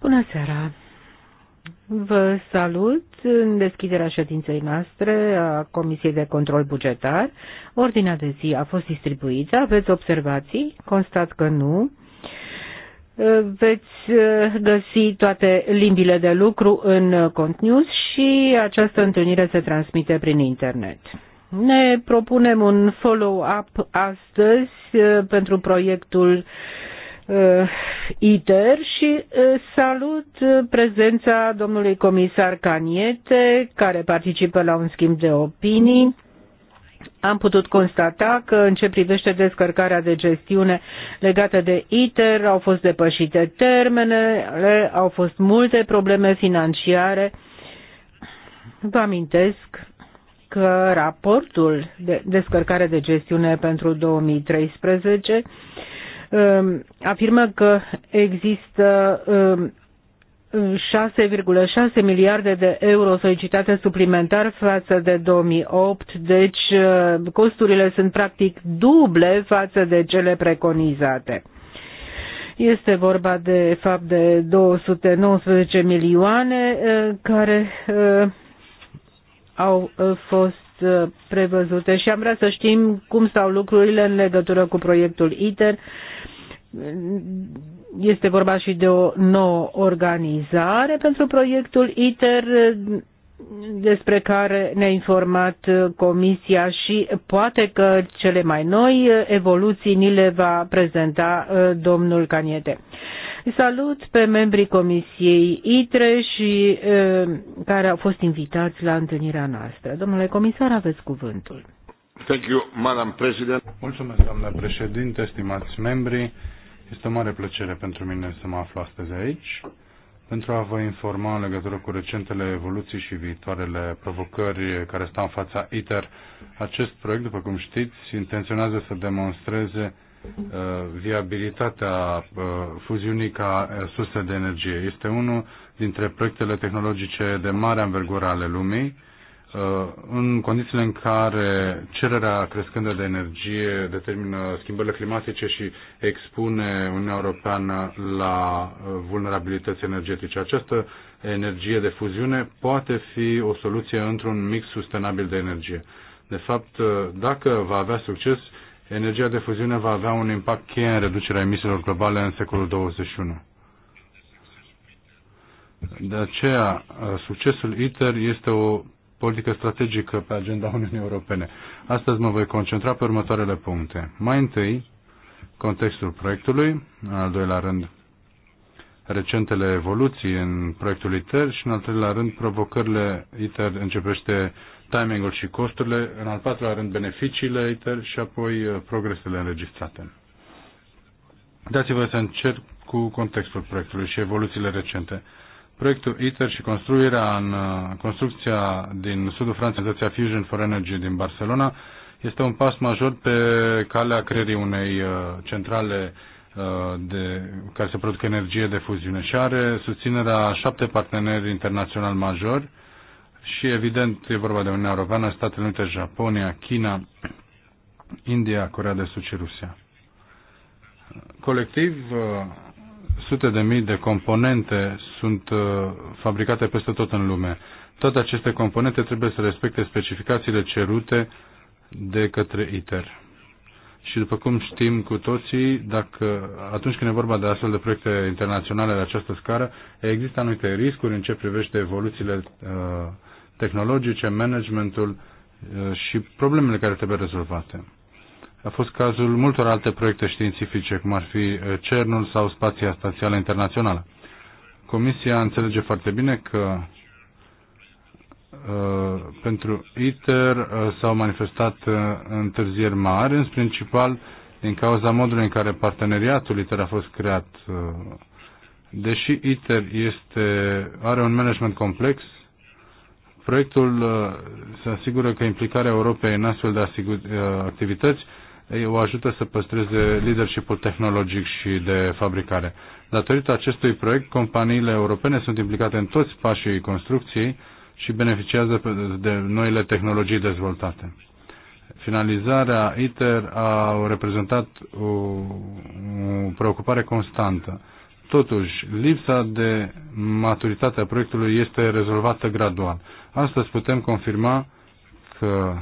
Bună seara. Vă salut în deschiderea ședinței noastre a Comisiei de Control Bugetar. Ordinea de zi a fost distribuită. Aveți observații? Constat că nu. Veți uh, găsi toate limbile de lucru în Cont News și această întâlnire se transmite prin internet. Ne propunem un follow-up astăzi uh, pentru proiectul uh, Uh, ITER și uh, salut uh, prezența domnului comisar Caniete, care participă la un schimb de opinii. Am putut constata că în ce privește descărcarea de gestiune legată de ITER au fost depășite termenele, au fost multe probleme financiare. Vă amintesc că raportul de descărcare de gestiune pentru 2013 Um, afirmă că există 6,6 um, miliarde de euro solicitate suplimentar față de 2008, deci uh, costurile sunt practic duble față de cele preconizate. Este vorba de fapt de 219 milioane uh, care uh, au fost Uh, prevăzute și am vrea să știm cum stau lucrurile în legătură cu proiectul ITER. Este vorba și de o nouă organizare pentru proiectul ITER despre care ne-a informat uh, Comisia și poate că cele mai noi uh, evoluții ni le va prezenta domnul Caniete. Salut pe membrii Comisiei ITRE și care au fost invitați la întâlnirea noastră. Domnule comisar, aveți cuvântul. Thank you, Madam President. Mulțumesc, doamnă președinte, stimați membri. Este o mare plăcere pentru mine să mă aflu astăzi aici pentru a vă informa în legătură cu recentele evoluții și viitoarele provocări care stau în fața ITER. Acest proiect, după cum știți, intenționează să demonstreze Uh, viabilitatea uh, fuziunii ca uh, sursă de energie. Este unul dintre proiectele tehnologice de mare anvergură ale lumii, în condițiile în care cererea crescândă de energie determină schimbările climatice și expune Uniunea Europeană la vulnerabilități energetice. Această energie de fuziune poate fi o soluție într-un mix sustenabil de energie. De fapt, dacă va avea succes, energia de fuziune va avea un impact cheie în reducerea emisiilor globale în secolul 21. De aceea, succesul ITER este o politică strategică pe agenda Uniunii Europene. Astăzi mă voi concentra pe următoarele puncte. Mai întâi, contextul proiectului, în al doilea rând, recentele evoluții în proiectul ITER și, în al treilea rând, provocările ITER începește timingul și costurile, în al patrulea rând beneficiile ITER și apoi uh, progresele înregistrate. Dați-vă să încerc cu contextul proiectului și evoluțiile recente. Proiectul ITER și construirea în uh, construcția din sudul Franței, stația Fusion for Energy din Barcelona, este un pas major pe calea creierii unei uh, centrale de, care se producă energie de fuziune și are susținerea șapte parteneri internaționali majori, și evident e vorba de Uniunea Europeană, Statele Unite, Japonia, China, India, Corea de Sud și Rusia. Colectiv, uh, sute de mii de componente sunt uh, fabricate peste tot în lume. Toate aceste componente trebuie să respecte specificațiile cerute de către ITER. Și după cum știm cu toții, dacă, atunci când e vorba de astfel de proiecte internaționale de această scară, există anumite riscuri în ce privește evoluțiile uh, tehnologice, managementul uh, și problemele care trebuie rezolvate. A fost cazul multor alte proiecte științifice, cum ar fi uh, CERNul sau Spația Stațială Internațională. Comisia înțelege foarte bine că uh, pentru ITER uh, s-au manifestat uh, întârzieri mari, în principal din cauza modului în care parteneriatul ITER a fost creat. Uh, deși ITER este, are un management complex, Proiectul uh, se asigură că implicarea Europei în astfel de uh, activități o ajută să păstreze leadership-ul tehnologic și de fabricare. Datorită acestui proiect, companiile europene sunt implicate în toți pașii construcției și beneficiază de noile tehnologii dezvoltate. Finalizarea ITER a reprezentat o, preocupare constantă. Totuși, lipsa de maturitate a proiectului este rezolvată gradual. Astăzi putem confirma că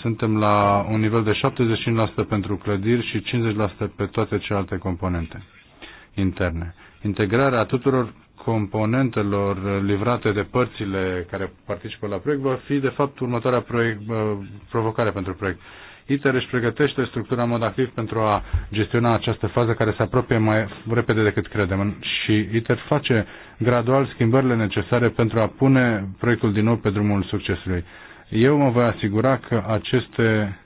suntem la un nivel de 75% pentru clădiri și 50% pe toate celelalte componente interne. Integrarea tuturor componentelor livrate de părțile care participă la proiect va fi, de fapt, următoarea proiect, uh, provocare pentru proiect. ITER își pregătește structura în mod activ pentru a gestiona această fază care se apropie mai repede decât credem și ITER face gradual schimbările necesare pentru a pune proiectul din nou pe drumul succesului. Eu mă voi asigura că aceste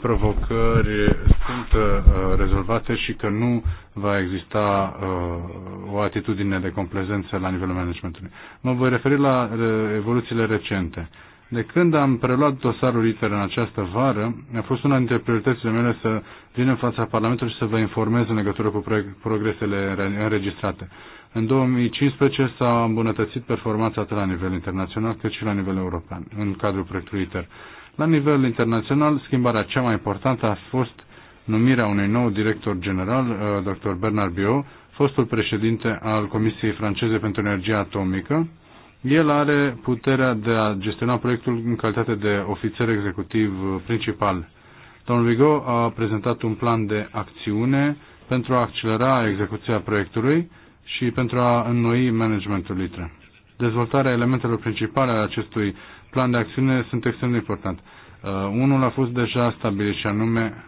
provocări sunt uh, rezolvate și că nu va exista uh, o atitudine de complezență la nivelul managementului. Mă voi referi la uh, evoluțiile recente. De când am preluat dosarul ITER în această vară, a fost una dintre prioritățile mele să vin în fața Parlamentului și să vă informez în legătură cu progresele înregistrate. În 2015 s-a îmbunătățit performanța atât la nivel internațional cât și la nivel european în cadrul proiectului ITER. La nivel internațional, schimbarea cea mai importantă a fost numirea unui nou director general, uh, dr. Bernard Biot, fostul președinte al Comisiei franceze pentru energie atomică, el are puterea de a gestiona proiectul în calitate de ofițer executiv principal. Domnul Vigo a prezentat un plan de acțiune pentru a accelera execuția proiectului și pentru a înnoi managementul litre. Dezvoltarea elementelor principale ale acestui plan de acțiune sunt extrem de important. Uh, unul a fost deja stabilit și anume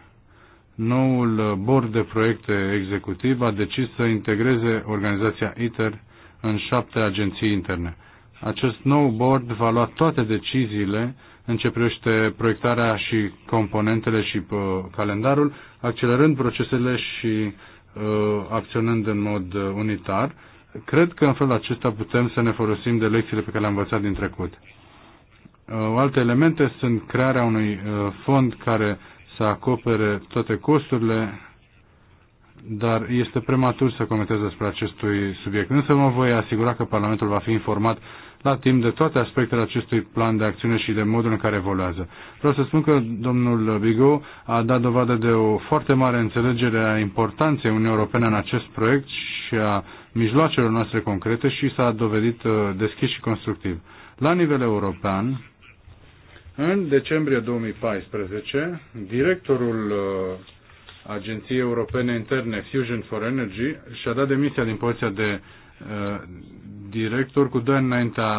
noul bord de proiecte executiv a decis să integreze organizația ITER în șapte agenții interne. Acest nou board va lua toate deciziile în ce privește proiectarea și componentele și uh, calendarul, accelerând procesele și uh, acționând în mod uh, unitar. Cred că în felul acesta putem să ne folosim de lecțiile pe care le-am învățat din trecut. Uh, alte elemente sunt crearea unui uh, fond care să acopere toate costurile, dar este prematur să comentez despre acestui subiect. Însă mă voi asigura că Parlamentul va fi informat la timp de toate aspectele acestui plan de acțiune și de modul în care evoluează. Vreau să spun că domnul Bigo a dat dovadă de o foarte mare înțelegere a importanței Uniunii Europene în acest proiect și a mijloacelor noastre concrete și s-a dovedit uh, deschis și constructiv. La nivel european, în decembrie 2014, directorul uh, Agenției Europene Interne Fusion for Energy și-a dat demisia din poziția de Uh, director cu doi ani înaintea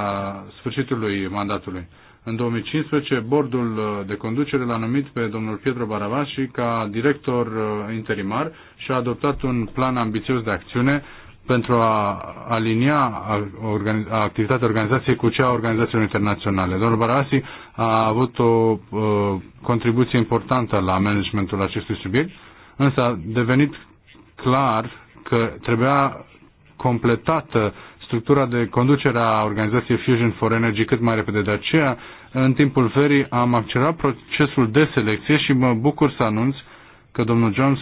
sfârșitului mandatului. În 2015, bordul uh, de conducere l-a numit pe domnul Pietro Baravași ca director uh, interimar și a adoptat un plan ambițios de acțiune pentru a alinia activitatea organizației cu cea a organizațiilor internaționale. Domnul Barasi a avut o contribuție importantă la managementul acestui subiect, însă a devenit clar că trebuia completată structura de conducere a organizației Fusion for Energy cât mai repede. De aceea, în timpul verii, am accelerat procesul de selecție și mă bucur să anunț că domnul John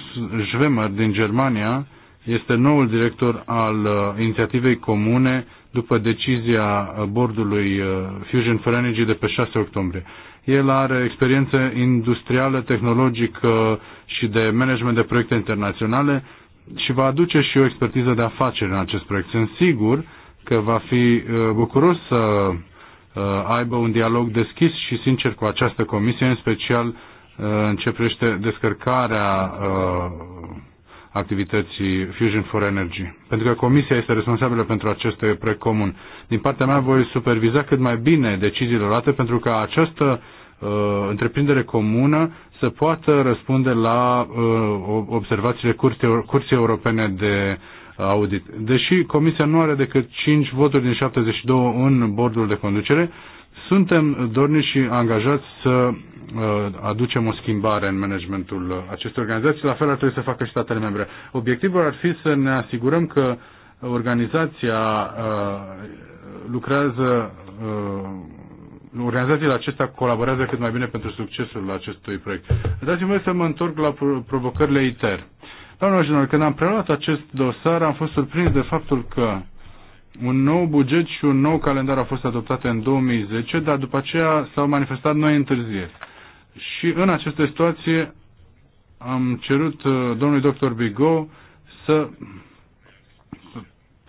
Schwemmer din Germania este noul director al uh, inițiativei comune după decizia uh, bordului uh, Fusion for Energy de pe 6 octombrie. El are experiență industrială, tehnologică și de management de proiecte internaționale și va aduce și o expertiză de afaceri în acest proiect. Sunt sigur că va fi uh, bucuros să uh, aibă un dialog deschis și sincer cu această comisie, în special uh, în ce privește descărcarea activității Fusion for Energy. Pentru că Comisia este responsabilă pentru acest proiect comun. Din partea mea voi superviza cât mai bine deciziile luate pentru că această Uh, întreprindere comună să poată răspunde la uh, observațiile Curții Europene de Audit. Deși Comisia nu are decât 5 voturi din 72 în bordul de conducere, suntem dorniți și angajați să uh, aducem o schimbare în managementul acestei organizații, la fel ar trebui să facă și statele membre. Obiectivul ar fi să ne asigurăm că organizația lucrează organizațiile acestea colaborează cât mai bine pentru succesul acestui proiect. Dați-mi să mă întorc la provocările ITER. Doamnă general, când am preluat acest dosar, am fost surprins de faptul că un nou buget și un nou calendar au fost adoptate în 2010, dar după aceea s-au manifestat noi întârzieri. Și în această situație am cerut uh, domnului doctor Bigot să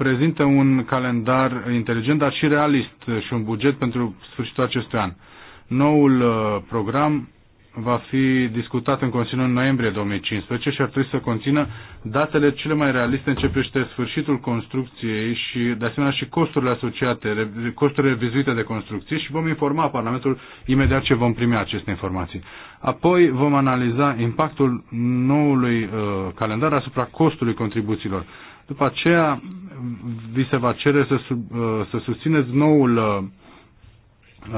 prezintă un calendar inteligent, dar și realist și un buget pentru sfârșitul acestui an. Noul uh, program va fi discutat în Consiliul în noiembrie 2015 și ar trebui să conțină datele cele mai realiste în ce privește sfârșitul construcției și, de asemenea, și costurile asociate, costurile vizuite de construcție și vom informa Parlamentul imediat ce vom primi aceste informații. Apoi vom analiza impactul noului uh, calendar asupra costului contribuțiilor. După aceea, vi se va cere să, sub, uh, să susțineți noul uh,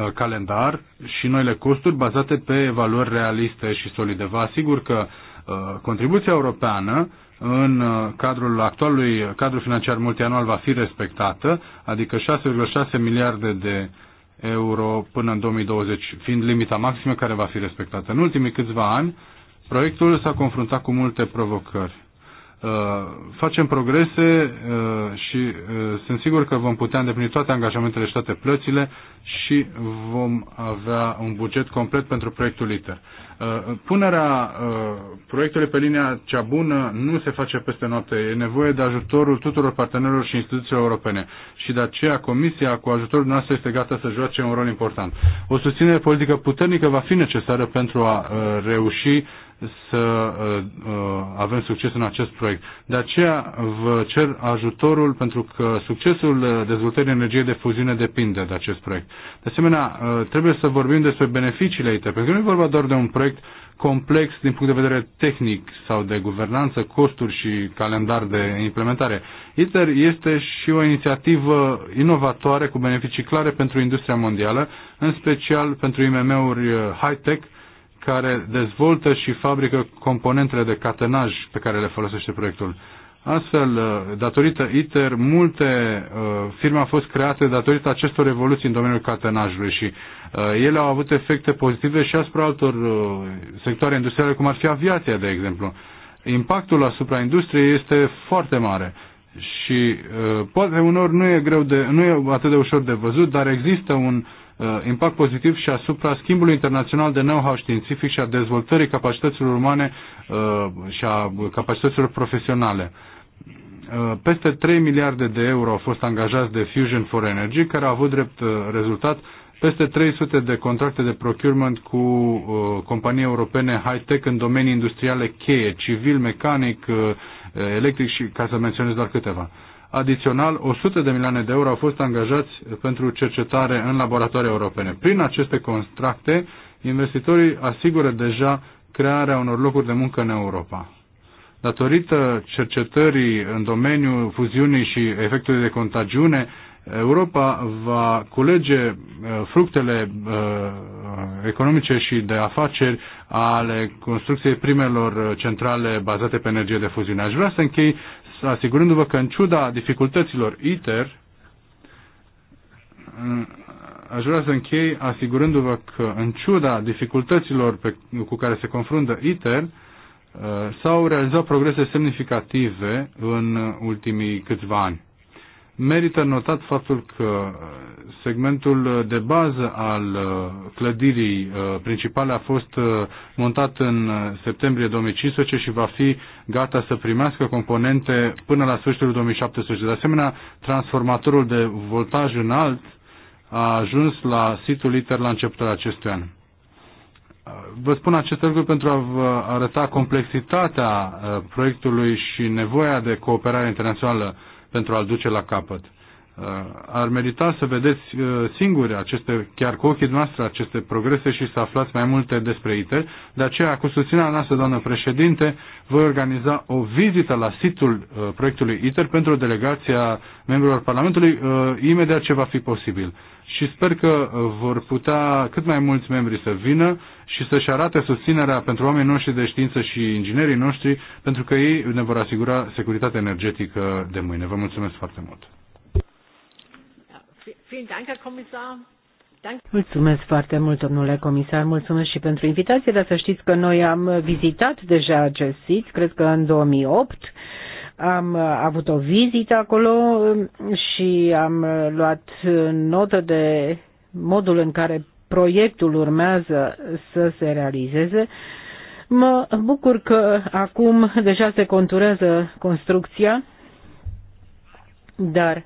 uh, calendar și noile costuri bazate pe valori realiste și solide. Vă asigur că contribuția europeană în cadrul actualului cadru financiar multianual va fi respectată, adică 6,6 miliarde de euro până în 2020, fiind limita maximă care va fi respectată. În ultimii câțiva ani, proiectul s-a confruntat cu multe provocări. Uh, facem progrese uh, și uh, sunt sigur că vom putea îndeplini toate angajamentele și toate plățile și vom avea un buget complet pentru proiectul ITER. Punerea proiectului pe linia cea bună nu se face peste noapte. E nevoie de ajutorul tuturor partenerilor și instituțiilor europene și de aceea Comisia cu ajutorul noastră este gata să joace un rol important. O susținere politică puternică va fi necesară pentru a reuși să uh, uh, avem succes în acest proiect. De aceea vă cer ajutorul pentru că succesul uh, dezvoltării energiei de fuziune depinde de acest proiect. De asemenea, trebuie să vorbim despre beneficiile ITER, pentru că nu e vorba doar de un proiect complex din punct de vedere tehnic sau de guvernanță, costuri și calendar de implementare. ITER este și o inițiativă inovatoare cu beneficii clare pentru industria mondială, în special pentru IMM-uri high-tech care dezvoltă și fabrică componentele de catenaj pe care le folosește proiectul. Astfel, uh, datorită ITER, multe uh, firme au fost create datorită acestor evoluții în domeniul catenajului și uh, ele au avut efecte pozitive și asupra altor uh, sectoare industriale, cum ar fi aviația, de exemplu. Impactul asupra industriei este foarte mare și uh, poate unor nu e, greu de, nu e atât de ușor de văzut, dar există un uh, Uh, impact pozitiv și asupra schimbului internațional de know-how științific și a dezvoltării capacităților umane uh, și a capacităților profesionale. Uh, peste 3 miliarde de euro au fost angajați de Fusion for Energy, care a avut drept rezultat peste 300 de contracte de procurement cu uh, companii europene high-tech în domenii industriale cheie, civil, mecanic, uh, electric și ca să menționez doar câteva. Uh, Adițional, 100 de milioane de euro au fost angajați pentru cercetare în laboratoare europene. Prin aceste contracte, investitorii asigură deja crearea unor locuri de muncă în Europa. Datorită cercetării în domeniul fuziunii și efectului de contagiune, Europa va culege uh, fructele uh, economice și de afaceri ale construcției primelor uh, centrale bazate pe energie de fuziune. Aș vrea să închei asigurându-vă că în ciuda dificultăților ITER, aș vrea să închei asigurându-vă că în ciuda dificultăților pe, cu care se confruntă ITER, uh, s-au realizat progrese semnificative în ultimii câțiva ani. Merită notat faptul că uh, segmentul de bază al uh, clădirii uh, principale a fost montat în septembrie 2015 și va fi gata să primească componente până la sfârșitul 2017. De asemenea, transformatorul de voltaj înalt a ajuns la situl ITER la începutul acestui an. Vă spun acest lucru pentru a vă arăta complexitatea proiectului și nevoia de cooperare internațională pentru a-l duce la capăt. Uh, ar merita să vedeți uh, singuri aceste, chiar cu ochii noastre, aceste progrese și să aflați mai multe despre ITER. De aceea, cu susținerea noastră, doamnă președinte, voi organiza o vizită la situl uh, proiectului ITER pentru delegația membrilor Parlamentului imediat ce va fi posibil și sper că vor putea cât mai mulți membri să vină și să-și arate susținerea pentru oamenii noștri de știință și inginerii noștri, pentru că ei ne vor asigura securitatea energetică de mâine. Vă mulțumesc foarte mult! Mulțumesc foarte mult, domnule comisar, mulțumesc și pentru invitație, dar să știți că noi am vizitat deja acest sit, cred că în 2008, am uh, avut o vizită acolo um, și am uh, luat uh, notă de modul în care proiectul urmează să se realizeze. Mă bucur că acum deja se conturează construcția, dar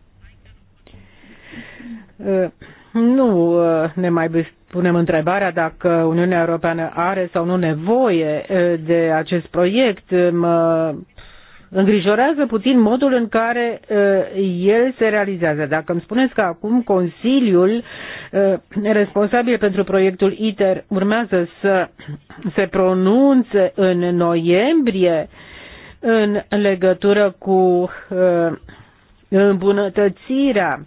nu ne mai punem întrebarea dacă Uniunea Europeană are sau nu nevoie de acest proiect. Mă îngrijorează puțin modul în care uh, el se realizează. Dacă îmi spuneți că acum Consiliul uh, responsabil pentru proiectul ITER urmează să se pronunțe în noiembrie în legătură cu uh, îmbunătățirea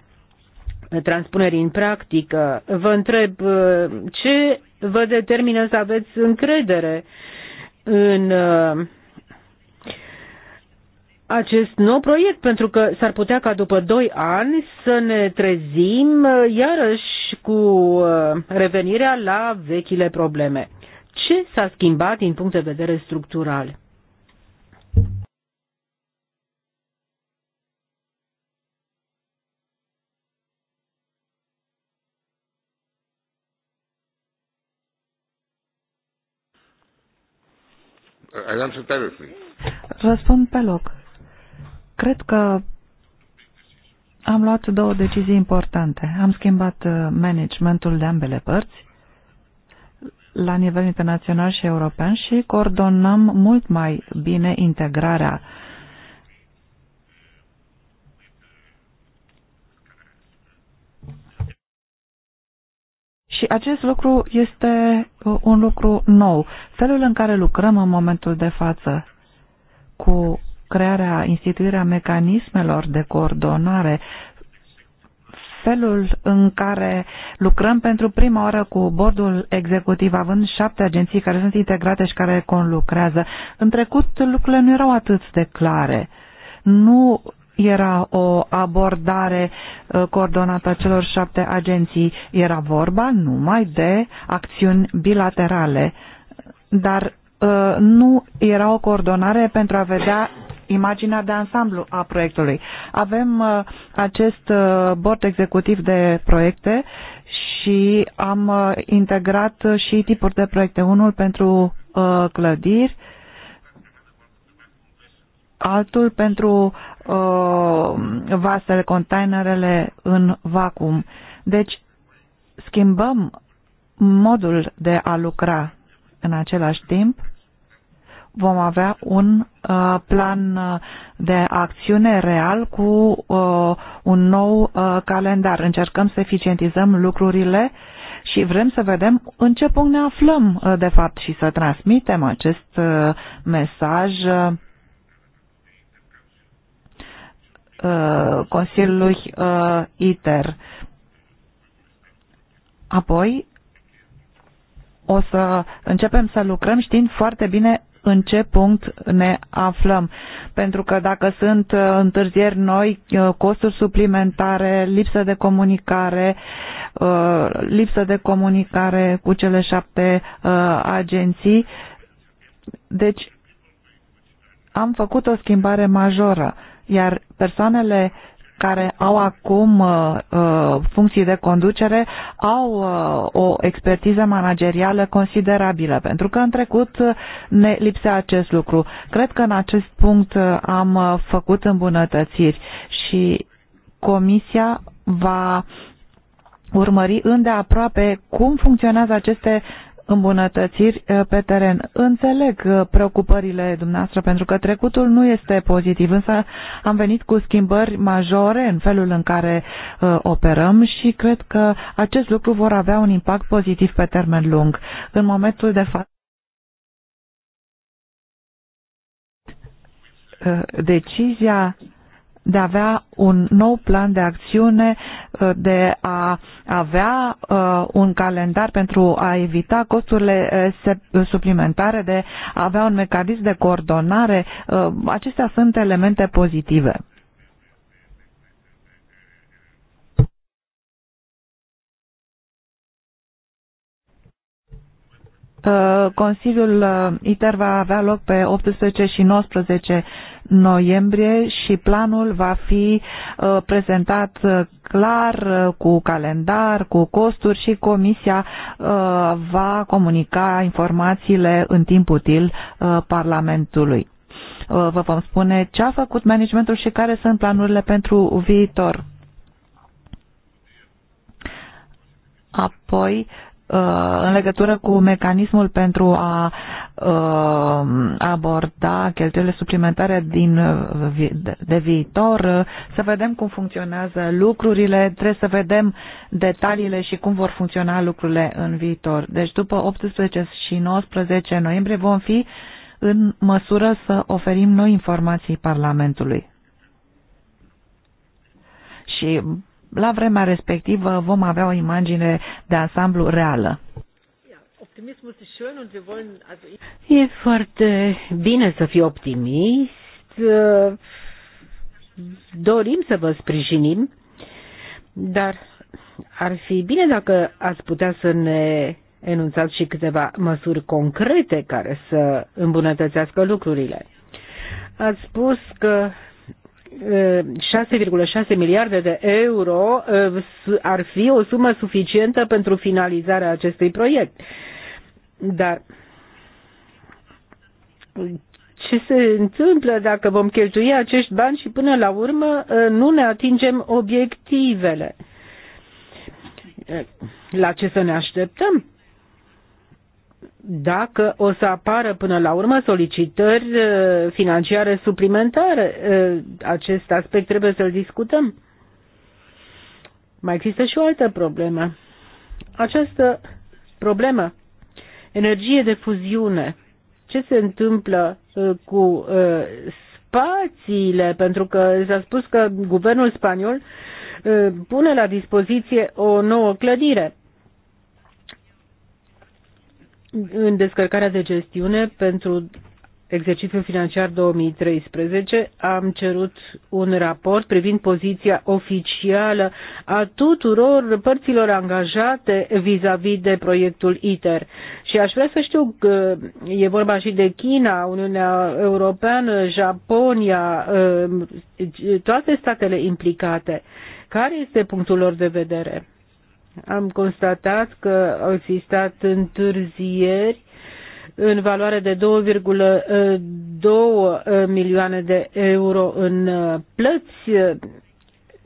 transpunerii în practică, vă întreb ce vă determină să aveți încredere în uh, acest nou proiect, pentru că s-ar putea ca după doi ani să ne trezim uh, iarăși cu uh, revenirea la vechile probleme. Ce s-a schimbat din punct de vedere structural? I answered everything. Răspund pe loc. Cred că am luat două decizii importante. Am schimbat uh, managementul de ambele părți la nivel internațional și european și coordonăm mult mai bine integrarea Și acest lucru este uh, un lucru nou. Felul în care lucrăm în momentul de față cu crearea, instituirea mecanismelor de coordonare, felul în care lucrăm pentru prima oară cu bordul executiv, având șapte agenții care sunt integrate și care conlucrează. În trecut lucrurile nu erau atât de clare. Nu era o abordare ă, coordonată a celor șapte agenții. Era vorba numai de acțiuni bilaterale, dar ă, nu era o coordonare pentru a vedea imaginea de ansamblu a proiectului. Avem uh, acest uh, bord executiv de proiecte și am uh, integrat și tipuri de proiecte. Unul pentru clădiri, altul pentru vasele, containerele în vacuum. Deci schimbăm modul de a lucra în același timp vom avea un uh, plan uh, de acțiune real cu uh, un nou calendar. Încercăm să eficientizăm lucrurile și vrem să vedem în ce punct ne aflăm, de fapt, și să transmitem acest mesaj Consiliului ITER. Apoi, o să începem să lucrăm știind foarte bine în ce punct ne aflăm. Pentru că dacă sunt uh, întârzieri noi, uh, costuri suplimentare, lipsă de comunicare, uh, lipsă de comunicare cu cele șapte agenții, deci am făcut o schimbare majoră, iar persoanele care au acum uh, uh, funcții de conducere au uh, o expertiză managerială considerabilă, pentru că în trecut ne lipsea acest lucru. Cred că în acest punct am făcut îmbunătățiri și Comisia va urmări îndeaproape cum funcționează aceste îmbunătățiri uh, pe teren. Înțeleg uh, preocupările dumneavoastră pentru că trecutul nu este pozitiv, însă am venit cu schimbări majore în felul în care uh, operăm și cred că acest lucru vor avea un impact pozitiv pe termen lung. În momentul de față decizia de a avea un nou plan de acțiune, uh, de a avea uh, un calendar pentru a evita costurile uh, suplimentare, de a avea un mecanism de coordonare. Acestea sunt elemente pozitive. Uh, Consiliul uh, ITER va avea loc pe 18 și 19 noiembrie și planul va fi uh, prezentat clar cu calendar, cu costuri și comisia va comunica informațiile în timp util Parlamentului. Vă vom spune ce a făcut managementul și care sunt planurile pentru viitor. Apoi Uh, în legătură cu mecanismul pentru a uh, aborda cheltuielile suplimentare din, uh, de viitor, să vedem cum funcționează lucrurile, trebuie să vedem detaliile și cum vor funcționa lucrurile în viitor. Deci după 18 și 19 noiembrie vom fi în măsură să oferim noi informații Parlamentului. Și la vremea respectivă vom avea o imagine de ansamblu reală. E foarte bine să fii optimist. Dorim să vă sprijinim, dar ar fi bine dacă ați putea să ne enunțați și câteva măsuri concrete care să îmbunătățească lucrurile. Ați spus că 6,6 miliarde de euro ă, ar fi o sumă suficientă pentru finalizarea acestui proiect. Dar ce se întâmplă dacă vom cheltui acești bani și până la urmă ă, nu ne atingem obiectivele? La ce să ne așteptăm? dacă o să apară până la urmă solicitări uh, financiare suplimentare. Uh, acest aspect trebuie să-l discutăm. Mai există și o altă problemă. Această problemă, energie de fuziune, ce se întâmplă uh, cu spațiile, pentru că s-a spus că guvernul spaniol pune la dispoziție o nouă clădire în descărcarea de gestiune pentru exercițiul financiar 2013 am cerut un raport privind poziția oficială a tuturor părților angajate vis-a-vis -vis de proiectul ITER. Și aș vrea să știu că e vorba și de China, Uniunea Europeană, Japonia, eh, toate statele implicate. Care este punctul lor de vedere? am constatat că au existat întârzieri în valoare de 2,2 uh, uh, milioane de euro în uh, plăți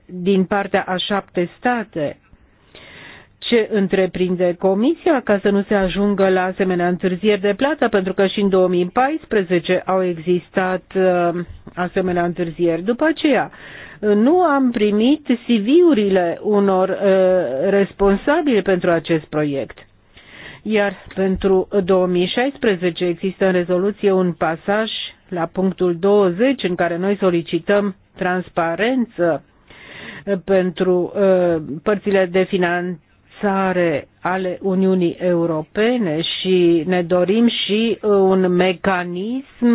din partea a șapte state ce întreprinde Comisia ca să nu se ajungă la asemenea întârzieri de plată, pentru că și în 2014 au existat uh, asemenea întârzieri. După aceea, nu am primit CV-urile unor uh, responsabili pentru acest proiect. Iar pentru 2016 există în rezoluție un pasaj la punctul 20 în care noi solicităm transparență pentru uh, părțile de finanțare finanțare ale Uniunii Europene și ne dorim și uh, un mecanism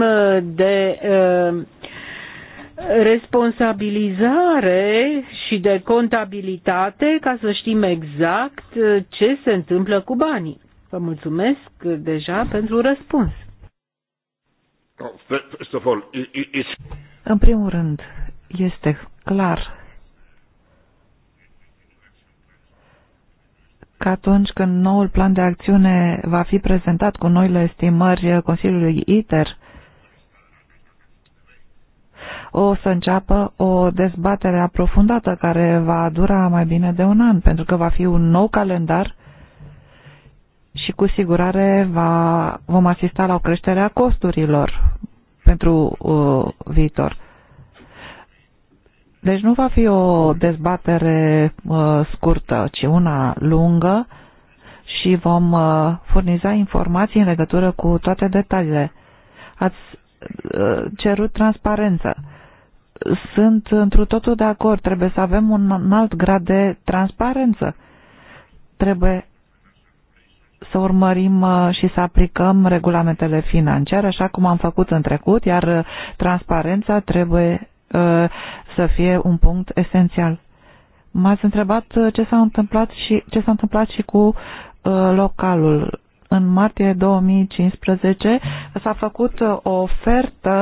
de uh, responsabilizare și de contabilitate ca să știm exact uh, ce se întâmplă cu banii. Vă mulțumesc deja pentru răspuns. Oh, În primul rând, este clar că atunci când noul plan de acțiune va fi prezentat cu noile estimări Consiliului ITER, o să înceapă o dezbatere aprofundată care va dura mai bine de un an, pentru că va fi un nou calendar și cu sigurare va, vom asista la o creștere a costurilor pentru uh, viitor. Deci nu va fi o dezbatere uh, scurtă, ci una lungă și vom uh, furniza informații în legătură cu toate detaliile. Ați uh, cerut transparență. Sunt întru totul de acord. Trebuie să avem un alt grad de transparență. Trebuie să urmărim uh, și să aplicăm regulamentele financiare, așa cum am făcut în trecut, iar uh, transparența trebuie Uh, să fie un punct esențial. M-ați întrebat uh, ce s-a întâmplat și ce s-a întâmplat și cu uh, localul în martie 2015 s-a făcut o ofertă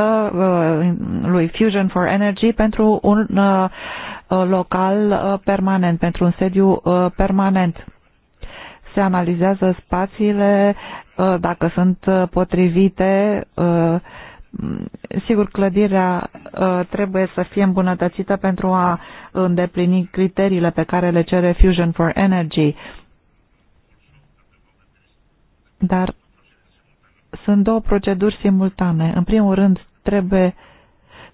lui Fusion for Energy pentru un local permanent, pentru un sediu permanent. Se analizează spațiile, dacă sunt potrivite, Mm, sigur, clădirea uh, trebuie să fie îmbunătățită pentru a îndeplini criteriile pe care le cere Fusion for Energy. Dar sunt două proceduri simultane. În primul rând, trebuie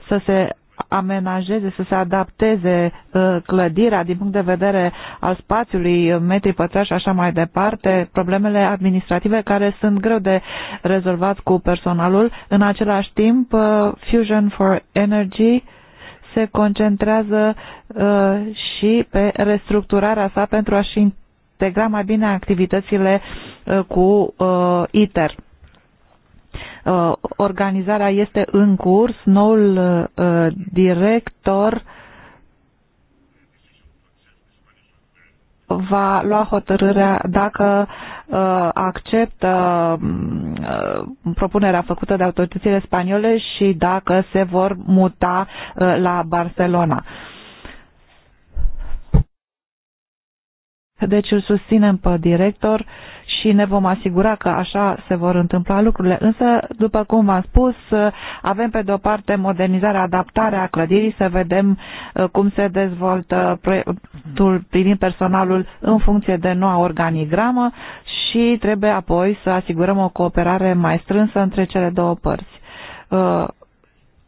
să se amenajeze, să se adapteze uh, clădirea din punct de vedere al spațiului, uh, metri pătrași și așa mai departe, problemele administrative care sunt greu de rezolvat cu personalul. În același timp, uh, Fusion for Energy se concentrează și pe restructurarea sa pentru a-și integra mai bine activitățile cu ITER Uh, organizarea este în curs. Noul uh, director va lua hotărârea dacă uh, acceptă uh, propunerea făcută de autoritățile spaniole și dacă se vor muta uh, la Barcelona. Deci îl susținem pe director și ne vom asigura că așa se vor întâmpla lucrurile. Însă, după cum v-am spus, avem pe de-o parte modernizarea, adaptarea clădirii, să vedem uh, cum se dezvoltă proiectul privind personalul în funcție de noua organigramă și trebuie apoi să asigurăm o cooperare mai strânsă între cele două părți uh,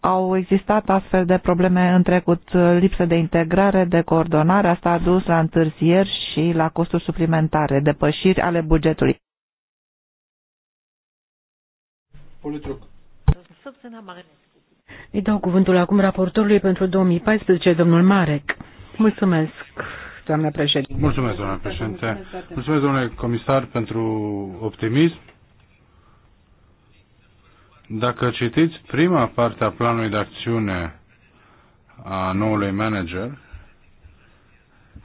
au existat astfel de probleme în trecut, uh, lipsă de integrare, de coordonare, asta a dus la întârzieri și la costuri suplimentare, depășiri ale bugetului. Îi dau cuvântul acum raportorului pentru 2014, domnul Marek. Mulțumesc, doamna președinte. Mulțumesc, doamna președinte. Mulțumesc, domnule comisar, pentru optimism dacă citiți prima parte a planului de acțiune a noului manager,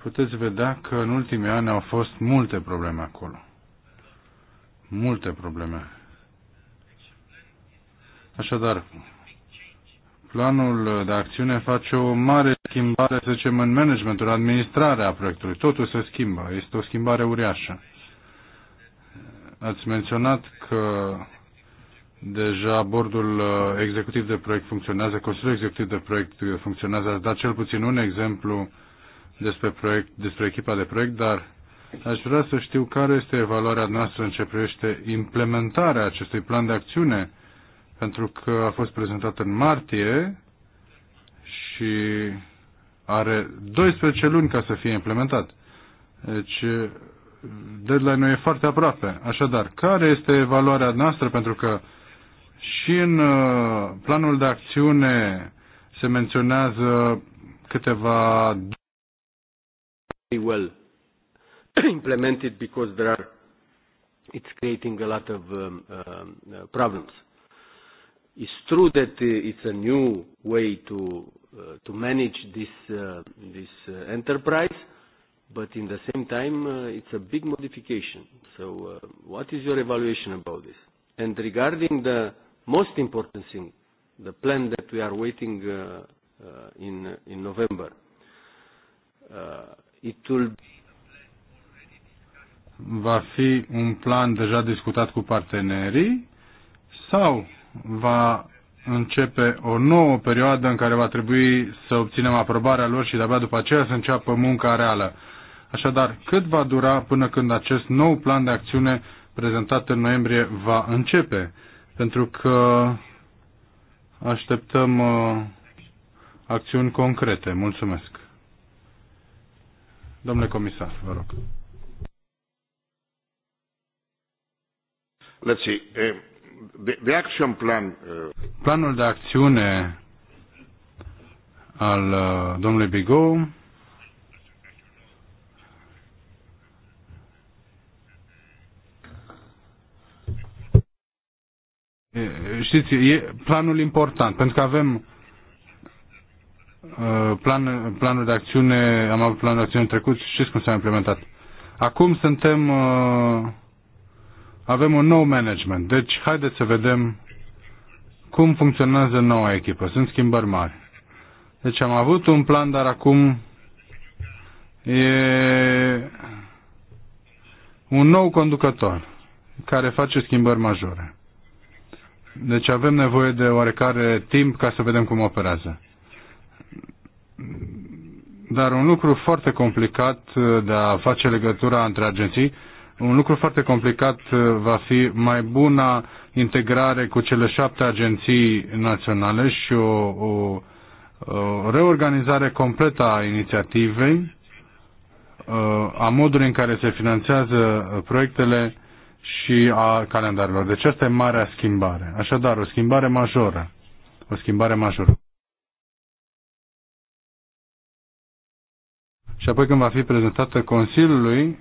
puteți vedea că în ultimii ani au fost multe probleme acolo. Multe probleme. Așadar, planul de acțiune face o mare schimbare, să zicem, în managementul, administrarea proiectului. Totul se schimbă. Este o schimbare uriașă. Ați menționat că Deja bordul uh, executiv de proiect funcționează, Consiliul Executiv de Proiect uh, funcționează. Ați dat cel puțin un exemplu despre, proiect, despre echipa de proiect, dar aș vrea să știu care este evaluarea noastră în ce privește implementarea acestui plan de acțiune, pentru că a fost prezentat în martie și are 12 luni ca să fie implementat. Deci, deadline-ul e foarte aproape. Așadar, care este evaluarea noastră? Pentru că și în uh, planul de acțiune se menționează câteva well implemented because there are it's creating a lot of um, uh, uh problems. It's true that uh, it's a new way to uh, to manage this uh, this uh, enterprise, but in the same time uh, it's a big modification. So, uh, what is your evaluation about this? And regarding the most important thing, the plan that we are waiting uh, uh, in, in November. Uh, it will va fi un plan deja discutat cu partenerii sau va începe o nouă perioadă în care va trebui să obținem aprobarea lor și de-abia după aceea să înceapă munca reală. Așadar, cât va dura până când acest nou plan de acțiune prezentat în noiembrie va începe? pentru că așteptăm uh, acțiuni concrete. Mulțumesc. Domnule comisar, vă rog. Let's see. Uh, the, the action plan, uh, Planul de acțiune al domnului Bigou știți, e planul important, pentru că avem uh, plan, planul de acțiune, am avut planul de acțiune în trecut, știți cum s-a implementat. Acum suntem, uh, avem un nou management, deci haideți să vedem cum funcționează noua echipă. Sunt schimbări mari. Deci am avut un plan, dar acum e un nou conducător care face schimbări majore. Deci avem nevoie de oarecare timp ca să vedem cum operează. Dar un lucru foarte complicat uh, de a face legătura între agenții, un lucru foarte complicat uh, va fi mai bună integrare cu cele șapte agenții naționale și o, o, o reorganizare completă a inițiativei, uh, a modului în care se finanțează proiectele și a calendarilor. Deci asta e marea schimbare. Așadar, o schimbare majoră. O schimbare majoră. Și apoi când va fi prezentată Consiliului, eh,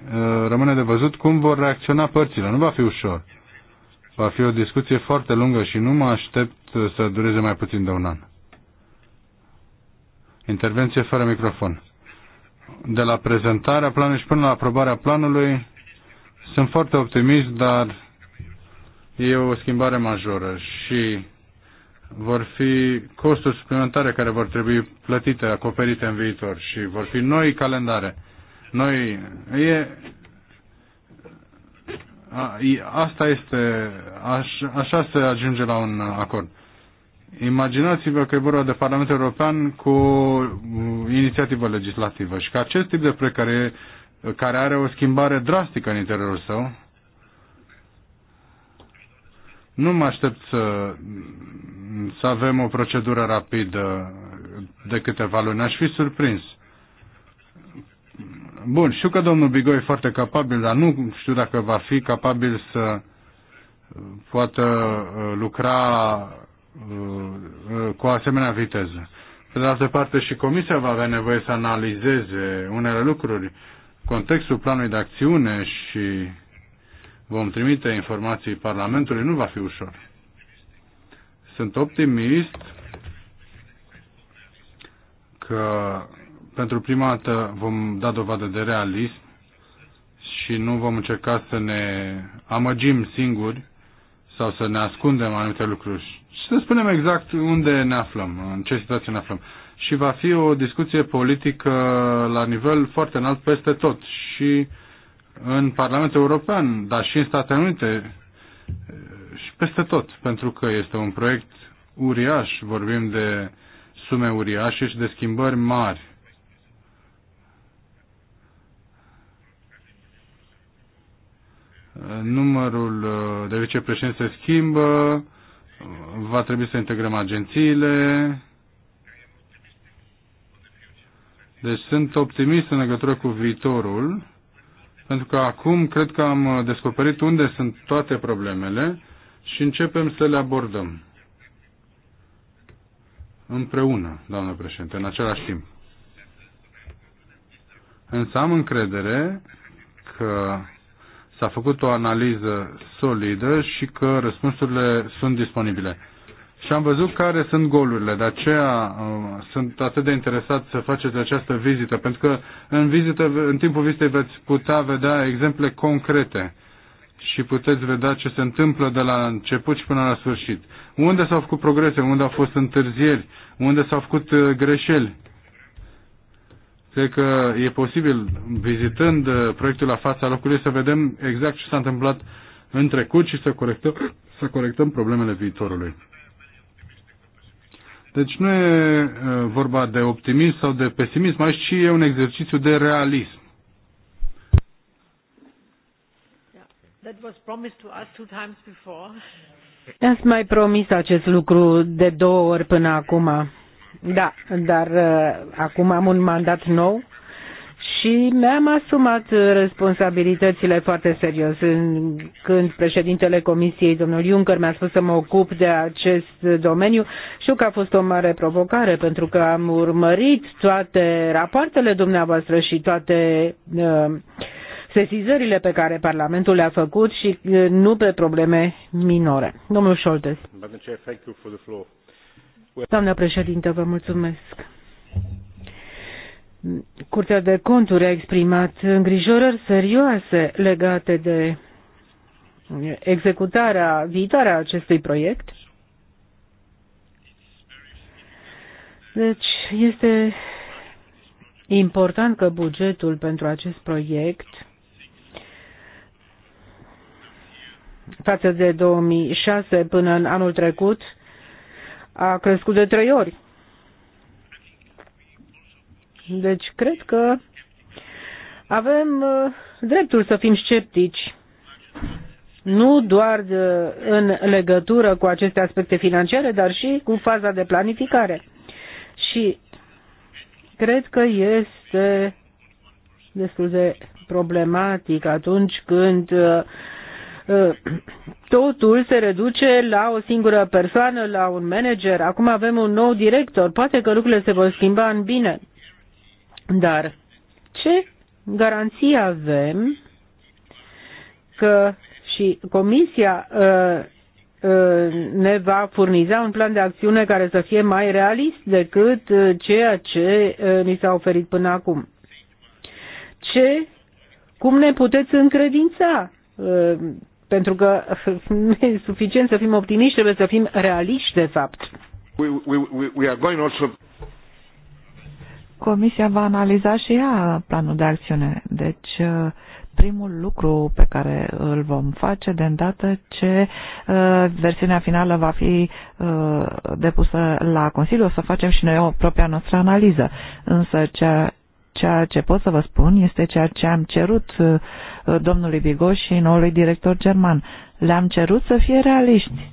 rămâne de văzut cum vor reacționa părțile. Nu va fi ușor. Va fi o discuție foarte lungă și nu mă aștept eh, să dureze mai puțin de un an. Intervenție fără microfon. De la prezentarea planului și până la aprobarea planului, sunt foarte optimist, dar e o schimbare majoră și vor fi costuri suplimentare care vor trebui plătite, acoperite în viitor și vor fi noi calendare. Noi, e, a, e, asta este, aș, așa se ajunge la un acord. Imaginați-vă că e vorba de Parlamentul European cu inițiativă legislativă și că acest tip de precare care are o schimbare drastică în interiorul său. Nu mă aștept să, să avem o procedură rapidă de câteva luni. Aș fi surprins. Bun, știu că domnul Bigoi e foarte capabil, dar nu știu dacă va fi capabil să poată uh, lucra uh, cu o asemenea viteză. Pe de altă parte și Comisia va avea nevoie să analizeze unele lucruri contextul planului de acțiune și vom trimite informații Parlamentului, nu va fi ușor. Sunt optimist că pentru prima dată vom da dovadă de realism și nu vom încerca să ne amăgim singuri sau să ne ascundem anumite lucruri. Și să spunem exact unde ne aflăm, în ce situație ne aflăm și va fi o discuție politică la nivel foarte înalt peste tot și în Parlamentul European, dar și în Statele Unite și peste tot, pentru că este un proiect uriaș, vorbim de sume uriașe și de schimbări mari. Numărul uh, de vicepreședinți se schimbă, va trebui să integrăm agențiile, Deci sunt optimist în legătură cu viitorul, pentru că acum cred că am uh, descoperit unde sunt toate problemele și începem să le abordăm. Împreună, doamnă președinte, în același timp. Însă am încredere că s-a făcut o analiză solidă și că răspunsurile sunt disponibile și am văzut care sunt golurile. De aceea uh, sunt atât de interesat să faceți această vizită, pentru că în, vizită, în timpul vizitei veți putea vedea exemple concrete și puteți vedea ce se întâmplă de la început și până la sfârșit. Unde s-au făcut progrese, unde au fost întârzieri, unde s-au făcut uh, greșeli. Cred că e posibil, vizitând uh, proiectul la fața locului, să vedem exact ce s-a întâmplat în trecut și să corectăm, să corectăm problemele viitorului. Deci nu e vorba de optimism sau de pesimism, aici ci e un exercițiu de realism. That was promised to us two times before. ați mai promis acest lucru de două ori până acum. Da, dar uh, acum am un mandat nou și mi-am asumat uh, responsabilitățile foarte serios. Când președintele Comisiei, domnul Juncker, mi-a spus să mă ocup de acest domeniu, știu că a fost o mare provocare pentru că am urmărit toate rapoartele dumneavoastră și toate uh, sesizările pe care Parlamentul le-a făcut și uh, nu pe probleme minore. Domnul Scholtes. Doamna președintă, vă mulțumesc. Curtea de conturi a exprimat îngrijorări serioase legate de executarea viitoare a acestui proiect. Deci este important că bugetul pentru acest proiect față de 2006 până în anul trecut a crescut de trei ori. Deci cred că avem uh, dreptul să fim sceptici nu doar uh, în legătură cu aceste aspecte financiare, dar și cu faza de planificare. Și cred că este destul de problematic atunci când uh, totul se reduce la o singură persoană, la un manager. Acum avem un nou director. Poate că lucrurile se vor schimba în bine. Dar ce garanții avem că și Comisia uh, uh, ne va furniza un plan de acțiune care să fie mai realist decât uh, ceea ce ni s-a oferit până acum. Ce, cum ne puteți încredința? Pentru că nu e suficient să fim optimiști, trebuie să fim realiști, de fapt. We, we, we are going also... Comisia va analiza și ea planul de acțiune. Deci, uh, primul lucru pe care îl vom face de îndată ce uh, versiunea finală va fi uh, depusă la Consiliu, o să facem și noi o propria noastră analiză. Însă, ceea ceea ce pot să vă spun este ceea ce am cerut domnului Bigoș și noului director german. Le-am cerut să fie realiști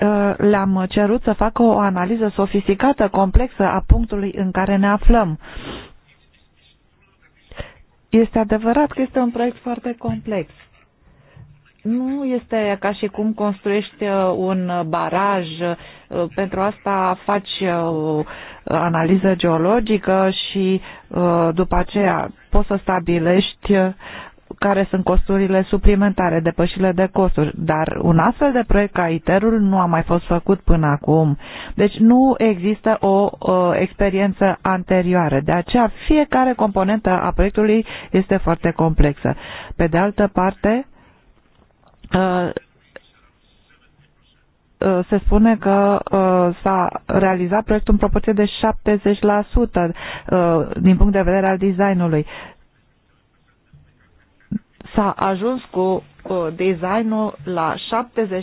Uh, le-am cerut să facă o analiză sofisticată, complexă a punctului în care ne aflăm. Este adevărat că este un proiect foarte complex. Nu este ca și cum construiești uh, un baraj, uh, pentru asta faci o analiză geologică și după aceea poți să stabilești care sunt costurile suplimentare, depășile de costuri, dar un astfel de proiect ca ITER-ul nu a mai fost făcut până acum. Deci nu există o, o experiență anterioară. De aceea fiecare componentă a proiectului este foarte complexă. Pe de altă parte, ă, ă, se spune că ă, s-a realizat proiectul în proporție de 70% din punct de vedere al designului s-a ajuns cu designul la 70%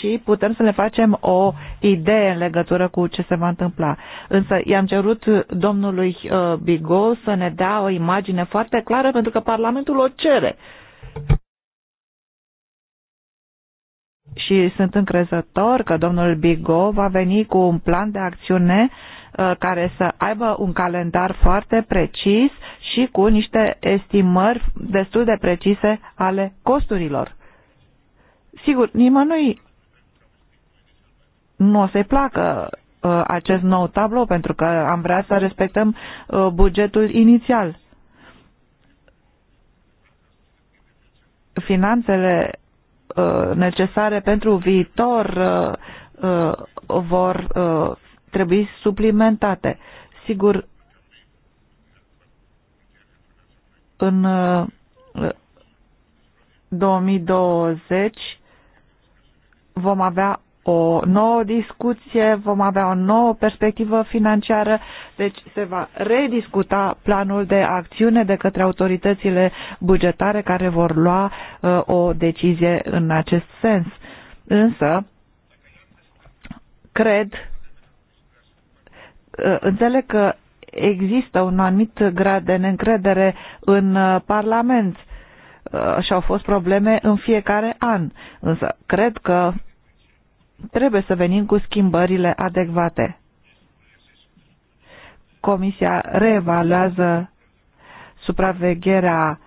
și putem să ne facem o idee în legătură cu ce se va întâmpla. Însă i-am cerut domnului uh, Bigo să ne dea o imagine foarte clară pentru că Parlamentul o cere. Și sunt încrezător că domnul Bigo va veni cu un plan de acțiune uh, Uh, care să aibă un calendar foarte precis și cu niște estimări destul de precise ale costurilor. Sigur, nimănui nu o să-i placă uh, acest nou tablou pentru că am vrea să respectăm uh, bugetul inițial. Finanțele necesare pentru viitor vor trebui suplimentate. Sigur, în 2020 uh, vom avea o nouă discuție, vom avea o nouă perspectivă financiară, deci se va rediscuta planul de acțiune de către autoritățile bugetare care vor lua uh, o decizie în acest sens. Însă, cred Ă, înțeleg că există un anumit grad de neîncredere în ă, Parlament ă, și au fost probleme în fiecare an, însă cred că trebuie să venim cu schimbările adecvate. Comisia reevaluează supravegherea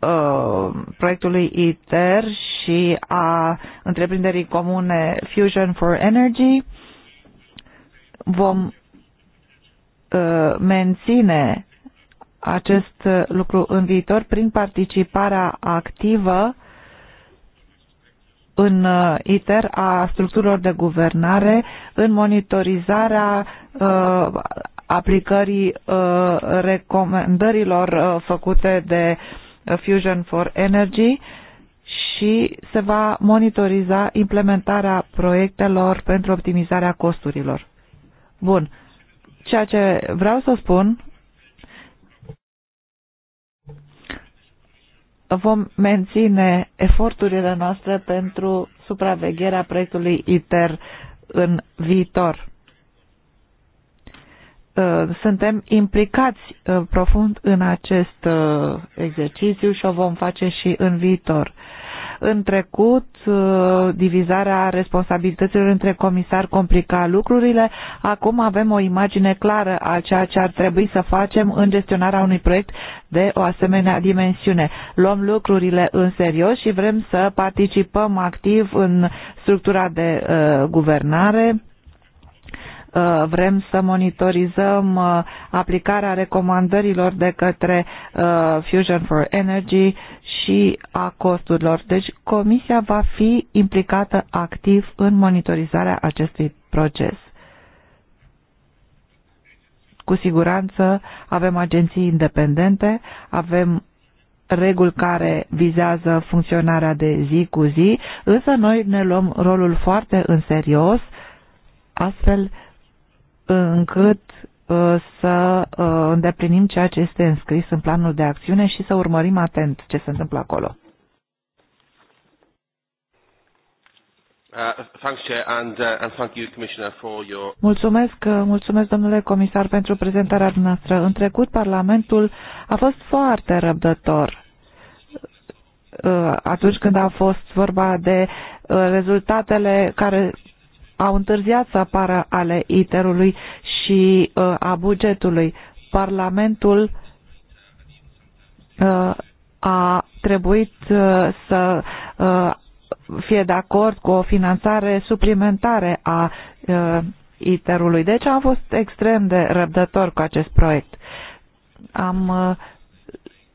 uh, proiectului ITER și a întreprinderii comune Fusion for Energy vom uh, menține acest lucru în viitor prin participarea activă în uh, ITER a structurilor de guvernare, în monitorizarea uh, aplicării uh, recomandărilor uh, făcute de uh, Fusion for Energy și se va monitoriza implementarea proiectelor pentru optimizarea costurilor. Bun. Ceea ce vreau să spun vom menține eforturile noastre pentru supravegherea proiectului ITER în viitor. Uh, suntem implicați uh, profund în acest uh, exercițiu și o vom face și în viitor în trecut uh, divizarea responsabilităților între comisar complica lucrurile. Acum avem o imagine clară a ceea ce ar trebui să facem în gestionarea unui proiect de o asemenea dimensiune. Luăm lucrurile în serios și vrem să participăm activ în structura de uh, guvernare uh, vrem să monitorizăm uh, aplicarea recomandărilor de către Fusion for Energy și a costurilor. Deci Comisia va fi implicată activ în monitorizarea acestui proces. Cu siguranță avem agenții independente, avem reguli care vizează funcționarea de zi cu zi, însă noi ne luăm rolul foarte în serios, astfel încât Uh, să uh, îndeplinim ceea ce este înscris în planul de acțiune și să urmărim atent ce se întâmplă acolo. Mulțumesc, mulțumesc domnule comisar pentru prezentarea noastră. În trecut, Parlamentul a fost foarte răbdător uh, atunci când a fost vorba de rezultatele care au întârziat să apară ale ITER-ului și uh, a bugetului. Parlamentul uh, a trebuit uh, să fie de acord cu o finanțare suplimentare a ITER-ului. Deci am fost extrem de răbdător cu acest proiect. Am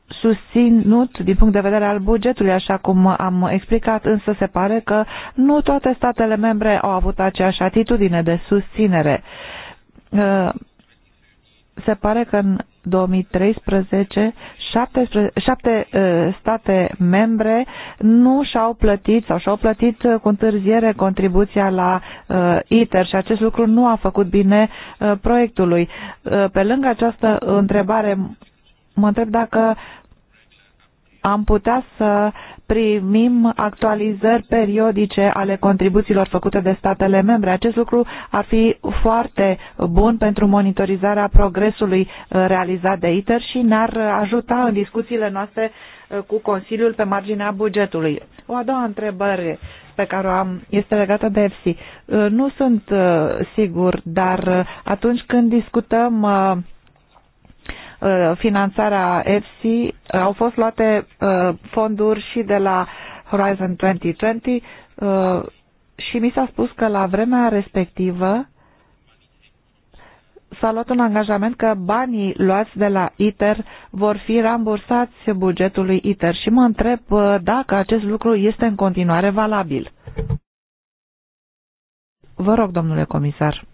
susținut din punct de vedere al bugetului, așa cum am explicat, însă se pare că nu toate statele membre au avut aceeași atitudine de susținere. Uh, Ă, se pare că în 2013 șapte, șapte ă, state membre nu și-au plătit sau și-au plătit ă, cu întârziere contribuția la uh, ITER și acest lucru nu a făcut bine uh, proiectului. Uh, pe lângă această întrebare, mă întreb dacă am putea să primim actualizări periodice ale contribuțiilor făcute de statele membre. Acest lucru ar fi foarte bun pentru monitorizarea progresului uh, realizat de ITER și ne-ar uh, ajuta în discuțiile noastre uh, cu Consiliul pe marginea bugetului. O a doua întrebare pe care o am este legată de EFSI. Nu sunt sigur, dar atunci când discutăm Uh, finanțarea EFSI, uh, au fost luate uh, fonduri și de la Horizon 2020 și mi s-a spus că la vremea respectivă s-a luat un angajament că banii luați de la ITER vor fi rambursați bugetului ITER și mă întreb dacă acest lucru este în continuare valabil. Vă rog, domnule comisar.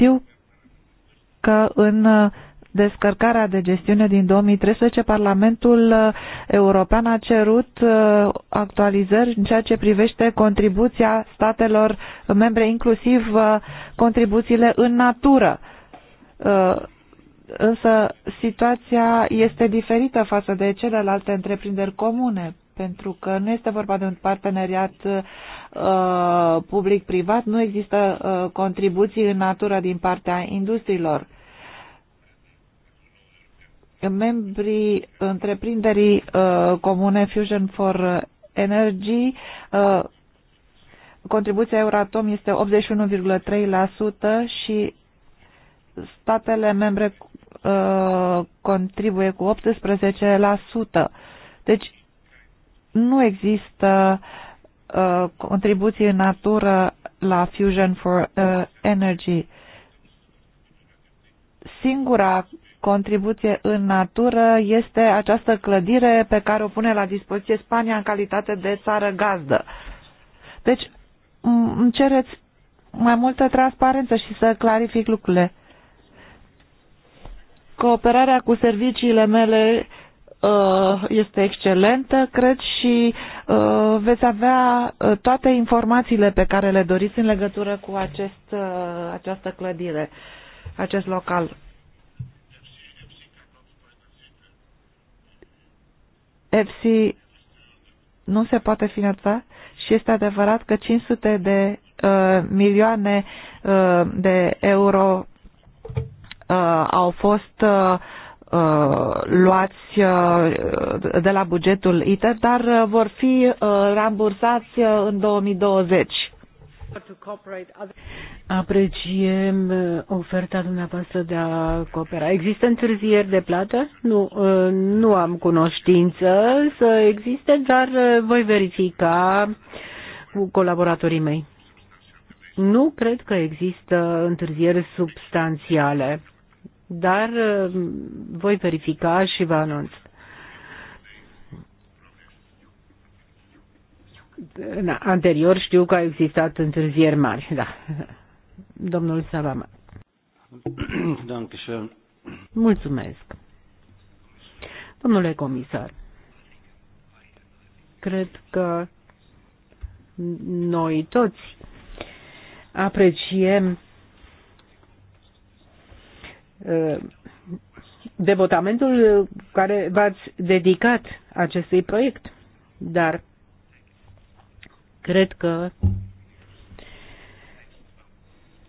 Știu că în uh, descărcarea de gestiune din 2013, Parlamentul uh, European a cerut uh, actualizări în ceea ce privește contribuția statelor membre, inclusiv contribuțiile în natură. Însă situația este diferită față de celelalte întreprinderi comune, pentru că nu este vorba de un parteneriat Uh, public-privat, nu există uh, contribuții în natură din partea industriilor. Membrii întreprinderii uh, comune Fusion for Energy contribuția Euratom este 81,3% și statele membre uh, contribuie cu 18%. Deci nu există Uh, contribuție în natură la Fusion for uh, Energy. Singura contribuție în natură este această clădire pe care o pune la dispoziție Spania în calitate de țară gazdă. Deci, îmi cereți mai multă transparență și să clarific lucrurile. Cooperarea cu serviciile mele Uh, este excelentă, cred, și uh, veți avea uh, toate informațiile pe care le doriți în legătură cu acest, această clădire, acest local. EPSI nu se poate finanța și este adevărat că 500 de uh, milioane uh, de euro uh, au fost uh, Uh, luați uh, de la bugetul ITER, dar uh, vor fi rambursați în 2020. Apreciem oferta dumneavoastră de a coopera. Există întârzieri de plată? Nu, nu am cunoștință să existe, dar voi verifica cu colaboratorii mei. Nu cred că există întârzieri substanțiale dar uh, voi verifica și vă anunț. Anterior știu că au existat întârzieri mari, da. Domnul Salama. Mulțumesc. Domnule comisar, cred că noi toți apreciem devotamentul care v-ați dedicat acestui proiect, dar cred că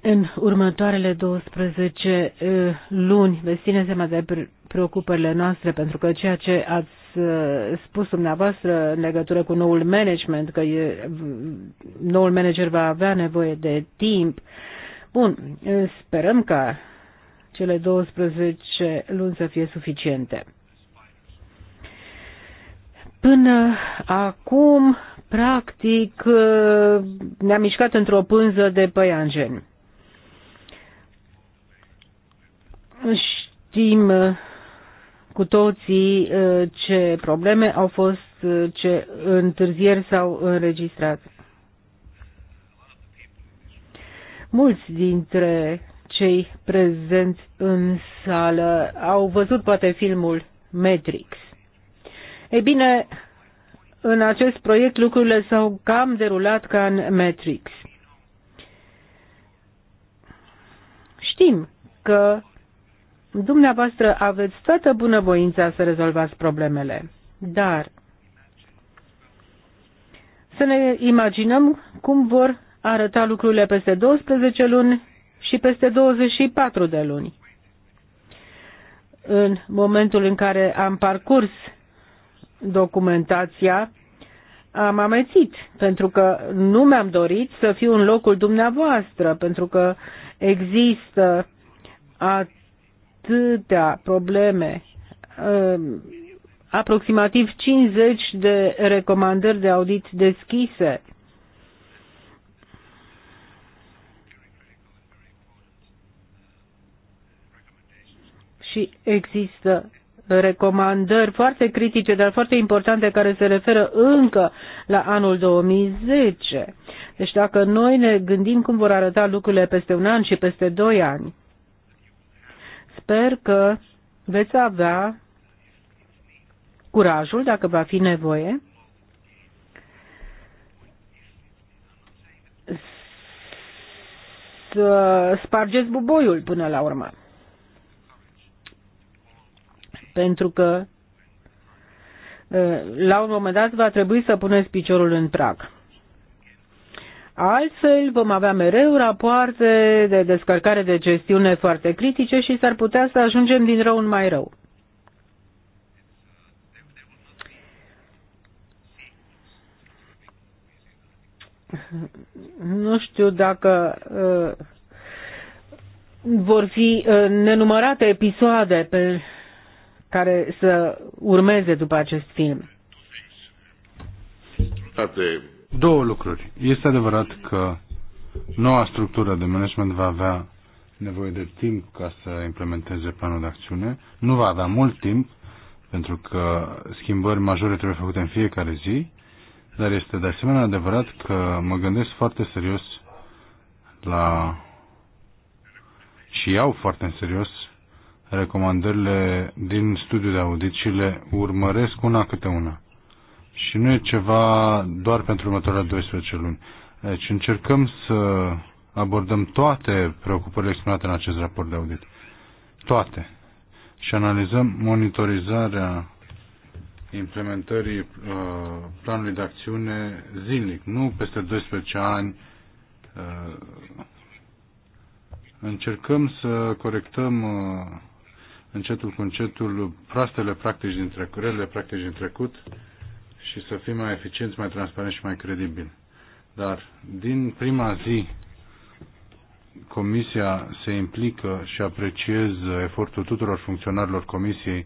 în următoarele 12 eh, luni veți ține seama de preocupările noastre, pentru că ceea ce ați eh, spus dumneavoastră în legătură cu noul management, că e, noul manager va avea nevoie de timp. Bun, eh, sperăm ca cele 12 luni să fie suficiente. Până acum, practic, ne-am mișcat într-o pânză de păianjeni. Știm cu toții uh, ce probleme au fost, uh, ce întârzieri s-au înregistrat. Mulți dintre cei prezenți în sală au văzut poate filmul Matrix. Ei bine, în acest proiect lucrurile s-au cam derulat ca în Matrix. Știm că dumneavoastră aveți toată bunăvoința să rezolvați problemele, dar să ne imaginăm cum vor arăta lucrurile peste 12 luni, și peste 24 de luni. În momentul în care am parcurs documentația, am amețit, pentru că nu mi-am dorit să fiu în locul dumneavoastră, pentru că există atâtea probleme, um, aproximativ 50 de recomandări de audit deschise și există recomandări foarte critice, dar foarte importante, care se referă încă la anul 2010. Deci dacă noi ne gândim cum vor arăta lucrurile peste un an și peste doi ani, sper că veți avea curajul, dacă va fi nevoie, să spargeți buboiul până la urmă pentru că uh, la un moment dat va trebui să puneți piciorul în prag. Altfel vom avea mereu rapoarte de descărcare de gestiune foarte critice și s-ar putea să ajungem din rău în mai rău. Nu știu dacă uh, vor fi uh, nenumărate episoade pe care să urmeze după acest film? Două lucruri. Este adevărat că noua structură de management va avea nevoie de timp ca să implementeze planul de acțiune. Nu va avea mult timp, pentru că schimbări majore trebuie făcute în fiecare zi, dar este de asemenea adevărat că mă gândesc foarte serios la și iau foarte în serios recomandările din studiul de audit și le urmăresc una câte una. Și nu e ceva doar pentru următoarele 12 luni. Deci încercăm să abordăm toate preocupările exprimate în acest raport de audit. Toate. Și analizăm monitorizarea implementării uh, planului de acțiune zilnic, nu peste 12 ani. Uh, încercăm să corectăm uh, încetul cu încetul proastele practici din trecut, relele practici din trecut și să fim mai eficienți, mai transparenți și mai credibili. Dar din prima zi Comisia se implică și apreciez efortul tuturor funcționarilor Comisiei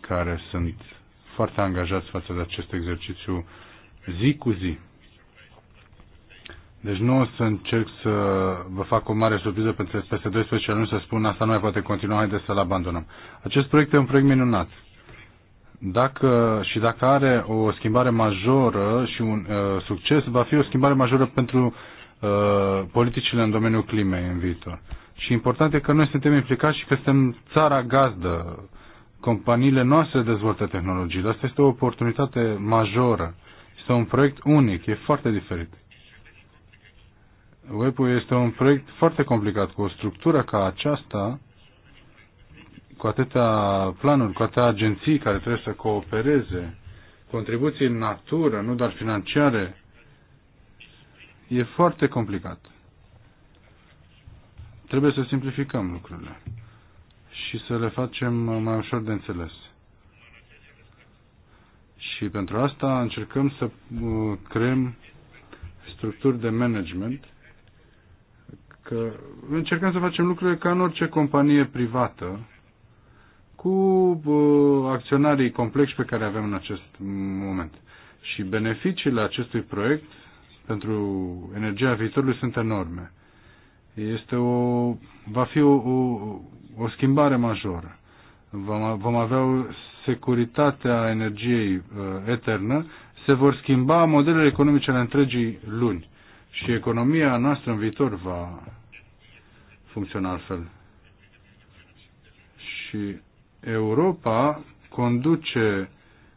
care sunt foarte angajați față de acest exercițiu zi cu zi. Deci nu o să încerc să vă fac o mare surpriză pentru că peste 12 luni să spun asta nu mai poate continua, haideți să-l abandonăm. Acest proiect e un proiect minunat. Dacă, și dacă are o schimbare majoră și un uh, succes, va fi o schimbare majoră pentru uh, politicile în domeniul climei în viitor. Și important e că noi suntem implicați și că suntem țara gazdă. Companiile noastre dezvoltă tehnologii. Asta este o oportunitate majoră. Este un proiect unic, e foarte diferit. WEPU este un proiect foarte complicat, cu o structură ca aceasta, cu atâtea planuri, cu atâtea agenții care trebuie să coopereze, contribuții în natură, nu doar financiare, e foarte complicat. Trebuie să simplificăm lucrurile și să le facem mai ușor de înțeles. Și pentru asta încercăm să uh, creăm structuri de management că încercăm să facem lucrurile ca în orice companie privată, cu uh, acționarii complexi pe care avem în acest moment. Și beneficiile acestui proiect pentru energia viitorului sunt enorme. Este o, va fi o, o, o schimbare majoră. Vom, vom avea o securitatea energiei uh, eternă, se vor schimba modelele economice ale întregii luni. Și economia noastră în viitor va funcționa altfel. Și Europa conduce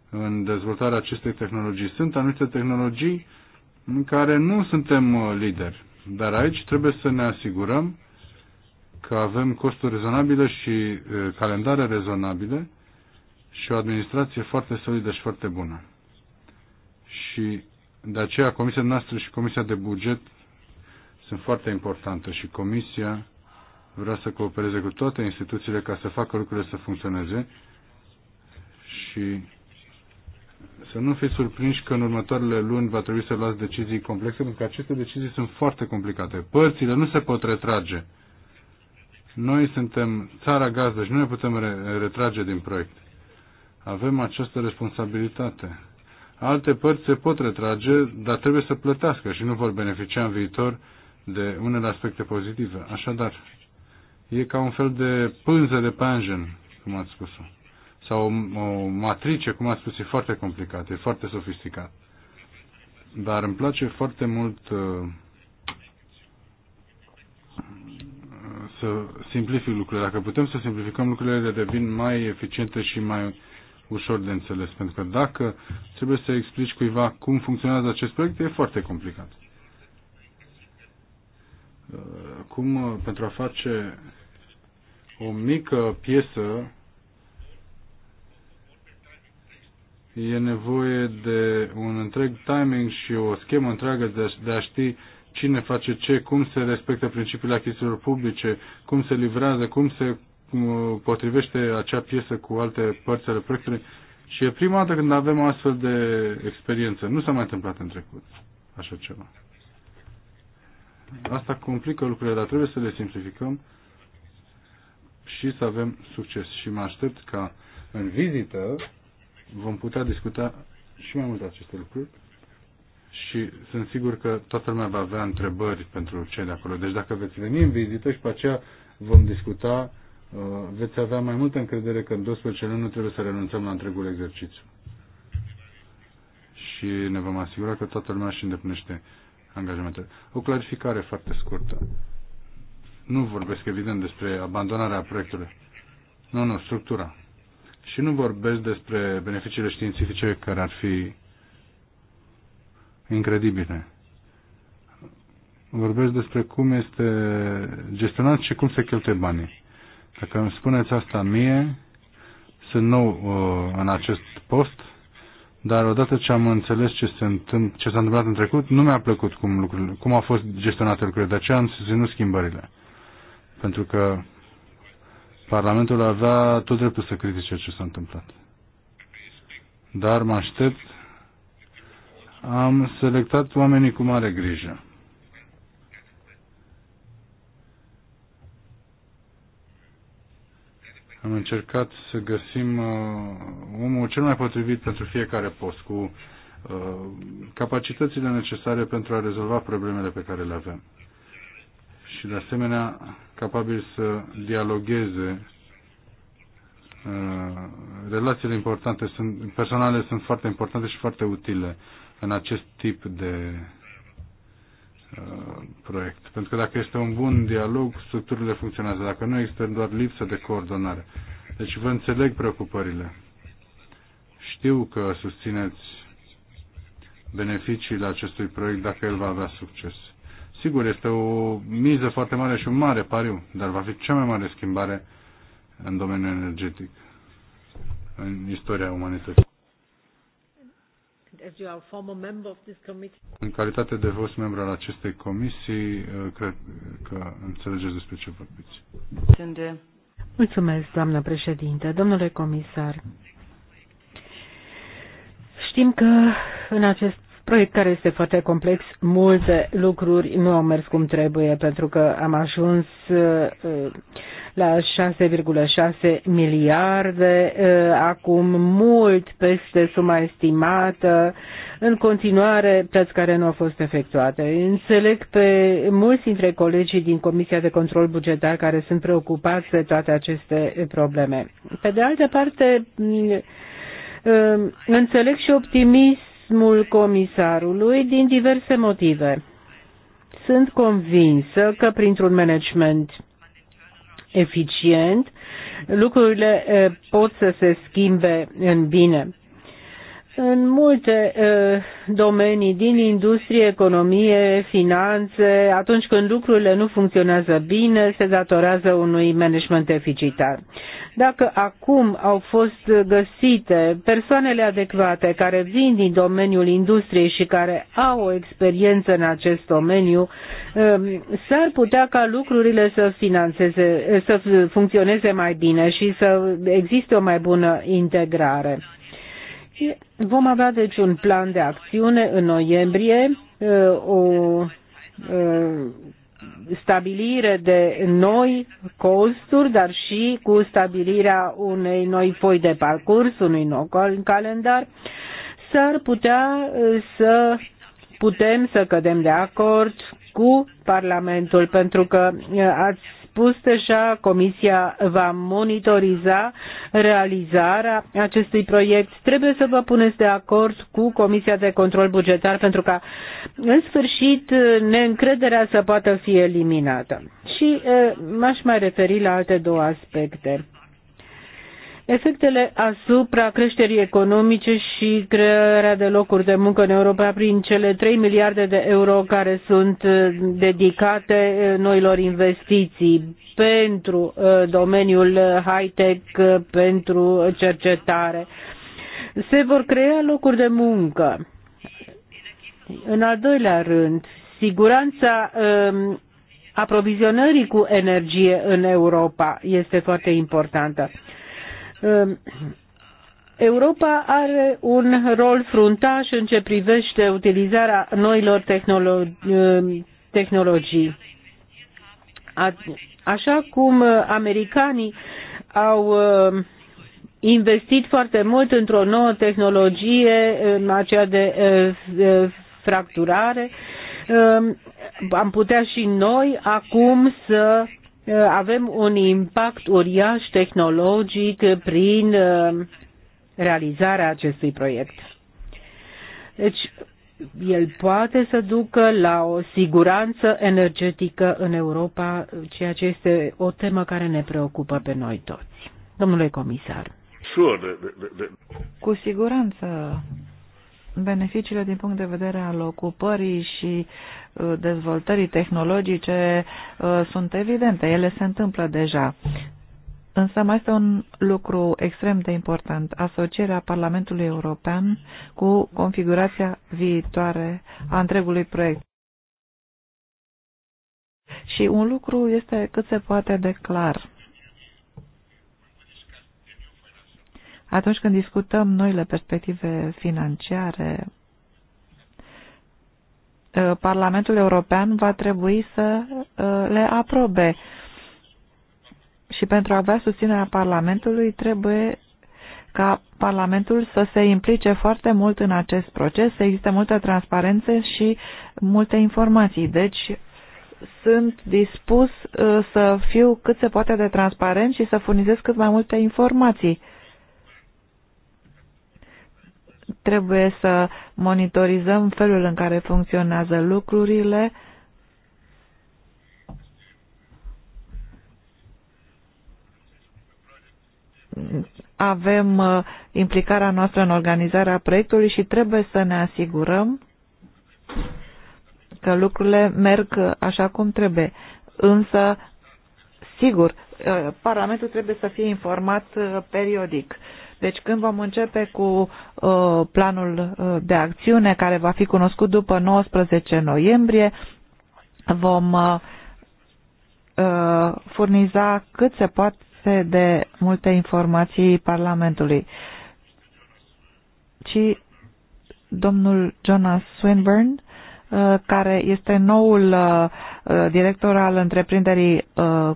în dezvoltarea acestei tehnologii. Sunt anumite tehnologii în care nu suntem uh, lideri, dar aici trebuie să ne asigurăm că avem costuri rezonabile și uh, calendare rezonabile și o administrație foarte solidă și foarte bună. Și de aceea comisia noastră și comisia de buget sunt foarte importante și comisia vrea să coopereze cu toate instituțiile ca să facă lucrurile să funcționeze și să nu fiți surprinși că în următoarele luni va trebui să luați decizii complexe, pentru că aceste decizii sunt foarte complicate. Părțile nu se pot retrage. Noi suntem țara gazdă și nu ne putem retrage din proiect. Avem această responsabilitate alte părți se pot retrage, dar trebuie să plătească și nu vor beneficia în viitor de unele aspecte pozitive. Așadar, e ca un fel de pânză de panjen, cum ați spus-o. Sau o, o matrice, cum ați spus, e foarte complicat, e foarte sofisticat. Dar îmi place foarte mult uh, să simplific lucrurile. Dacă putem să simplificăm lucrurile, devin mai eficiente și mai ușor de înțeles, pentru că dacă trebuie să explici cuiva cum funcționează acest proiect, e foarte complicat. Uh, cum uh, pentru a face o mică piesă e nevoie de un întreg timing și o schemă întreagă de a, de a ști cine face ce, cum se respectă principiile achizițiilor publice, cum se livrează, cum se Uh, potrivește acea piesă cu alte părți ale proiectului și e prima dată când avem astfel de experiență. Nu s-a mai întâmplat în trecut așa ceva. Asta complică lucrurile, dar trebuie să le simplificăm și să avem succes. Și mă aștept ca în vizită vom putea discuta și mai mult aceste lucruri și sunt sigur că toată lumea va avea întrebări pentru cei de acolo. Deci dacă veți veni în vizită și pe aceea vom discuta Uh, veți avea mai multă încredere că în 12 luni nu trebuie să renunțăm la întregul exercițiu. Și ne vom asigura că toată lumea își îndeplinește angajamentele. O clarificare foarte scurtă. Nu vorbesc, evident, despre abandonarea proiectului. Nu, nu, structura. Și nu vorbesc despre beneficiile științifice care ar fi incredibile. Vorbesc despre cum este gestionat și cum se cheltuie banii. Dacă îmi spuneți asta mie, sunt nou uh, în acest post, dar odată ce am înțeles ce, se întâmpl- ce s-a întâmplat în trecut, nu mi-a plăcut cum, lucrurile, cum a fost gestionate lucrurile. De aceea am susținut schimbările. Pentru că Parlamentul avea tot dreptul să critique ce s-a întâmplat. Dar mă aștept. Am selectat oamenii cu mare grijă. Am încercat să găsim uh, omul cel mai potrivit pentru fiecare post, cu uh, capacitățile necesare pentru a rezolva problemele pe care le avem. Și, de asemenea, capabil să dialogueze uh, relațiile importante sunt, personale sunt foarte importante și foarte utile în acest tip de Uh, proiect. Pentru că dacă este un bun dialog, structurile funcționează. Dacă nu, există doar lipsă de coordonare. Deci vă înțeleg preocupările. Știu că susțineți beneficiile acestui proiect dacă el va avea succes. Sigur, este o miză foarte mare și un mare pariu, dar va fi cea mai mare schimbare în domeniul energetic, în istoria umanității. În calitate de fost membru al acestei comisii, uh, cred că înțelegeți despre ce vorbiți. Mulțumesc, doamnă președinte. Domnule comisar, știm că în acest proiect care este foarte complex, multe lucruri nu au mers cum trebuie, pentru că am ajuns uh, la 6,6 miliarde, eh, acum mult peste suma estimată, în continuare plăți care nu au fost efectuate. Înțeleg pe mulți dintre colegii din Comisia de Control Bugetar care sunt preocupați de toate aceste probleme. Pe de altă parte, mm, eh, înțeleg și optimismul comisarului din diverse motive. Sunt convinsă că printr-un management eficient, lucrurile eh, pot să se schimbe în bine. În multe domenii din industrie, economie, finanțe, atunci când lucrurile nu funcționează bine, se datorează unui management deficitar. Dacă acum au fost găsite persoanele adecvate care vin din domeniul industriei și care au o experiență în acest domeniu, s-ar putea ca lucrurile să, finanțeze, să funcționeze mai bine și să existe o mai bună integrare discuție. Vom avea deci un plan de acțiune în noiembrie, uh, o uh, stabilire de noi costuri, dar și cu stabilirea unei noi foi de parcurs, unui nou calendar, s-ar putea uh, să putem să cădem de acord cu Parlamentul, pentru că ați spus deja, Comisia va monitoriza realizarea acestui proiect. Trebuie să vă puneți de acord cu Comisia de Control Bugetar pentru ca, în sfârșit, neîncrederea să poată fi eliminată. Și eh, m-aș mai referi la alte două aspecte. Efectele asupra creșterii economice și crearea de locuri de muncă în Europa prin cele 3 miliarde de euro care sunt uh, dedicate uh, noilor investiții pentru uh, domeniul high-tech, pentru cercetare. Se vor crea locuri de muncă. În al doilea rând, siguranța um, aprovizionării cu energie în Europa este foarte importantă. Um, Europa are un rol fruntaș în ce privește utilizarea noilor tehnologii. Um, tehnologii. A, așa cum americanii au um, investit foarte mult într-o nouă tehnologie, aceea de uh, uh, fracturare, am putea și noi acum să Uh, avem un impact uriaș tehnologic prin uh, realizarea acestui proiect. Deci, el poate să ducă la o siguranță energetică în Europa, ceea ce este o temă care ne preocupă pe noi toți. Domnule comisar. Cu siguranță beneficiile din punct de vedere al ocupării și Uh, dezvoltării tehnologice uh, sunt evidente, ele se întâmplă deja. Însă mai este un lucru extrem de important, asocierea Parlamentului European cu configurația viitoare a întregului proiect. Și un lucru este cât se poate de clar. Atunci când discutăm noile perspective financiare Uh, Parlamentul European va trebui să uh, le aprobe. Și pentru a avea susținerea Parlamentului trebuie ca Parlamentul să se implice foarte mult în acest proces, să existe multă transparență și multe informații. Deci sunt dispus uh, să fiu cât se poate de transparent și să furnizez cât mai multe informații trebuie să monitorizăm felul în care funcționează lucrurile, avem uh, implicarea noastră în organizarea proiectului și trebuie să ne asigurăm că lucrurile merg așa cum trebuie. Însă, sigur, uh, Parlamentul trebuie să fie informat uh, periodic. Deci când vom începe cu uh, planul uh, de acțiune care va fi cunoscut după 19 noiembrie, vom uh, furniza cât se poate de multe informații Parlamentului. Și domnul Jonas Swinburne Uh, care este noul uh, uh, director al întreprinderii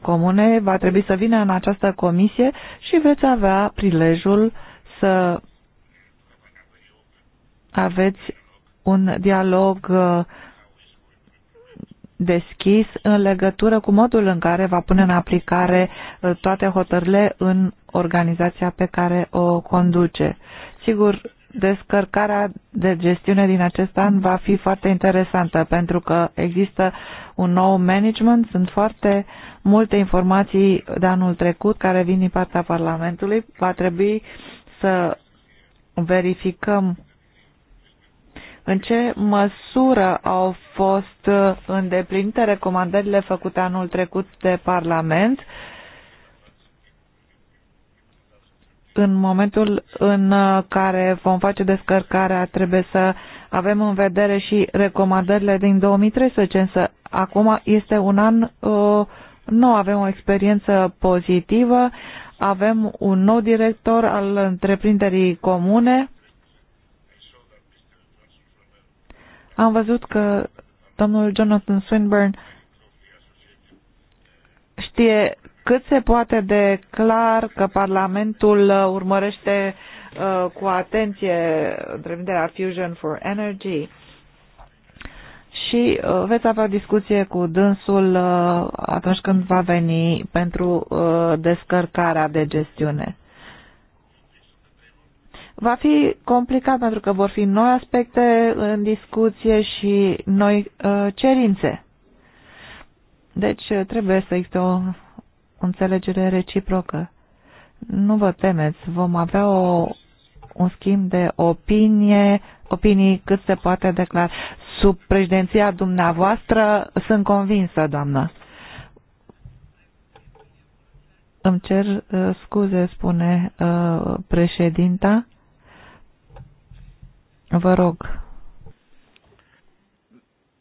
comune, va trebui să vină în această comisie și veți avea prilejul să aveți un dialog deschis în legătură cu modul în care va pune în aplicare toate hotările în organizația pe care o conduce. Sigur, descărcarea de gestiune din acest an va fi foarte interesantă pentru că există un nou management, sunt foarte multe informații de anul trecut care vin din partea Parlamentului. Va trebui să verificăm în ce măsură au fost îndeplinite recomandările făcute anul trecut de Parlament în momentul în uh, care vom face descărcarea trebuie să avem în vedere și recomandările din 2013, însă acum este un an uh, nou, avem o experiență pozitivă, avem un nou director al întreprinderii comune. Am văzut că domnul Jonathan Swinburne știe cât se poate de clar că Parlamentul uh, urmărește uh, cu atenție întreprinderea Fusion for Energy și uh, veți avea discuție cu dânsul uh, atunci când va veni pentru uh, descărcarea de gestiune. Va fi complicat pentru că vor fi noi aspecte în discuție și noi uh, cerințe. Deci uh, trebuie să există o înțelegere reciprocă. Nu vă temeți, vom avea o, un schimb de opinie, opinii cât se poate declara. Sub președinția dumneavoastră sunt convinsă, doamnă. Îmi cer uh, scuze, spune uh, președinta. Vă rog.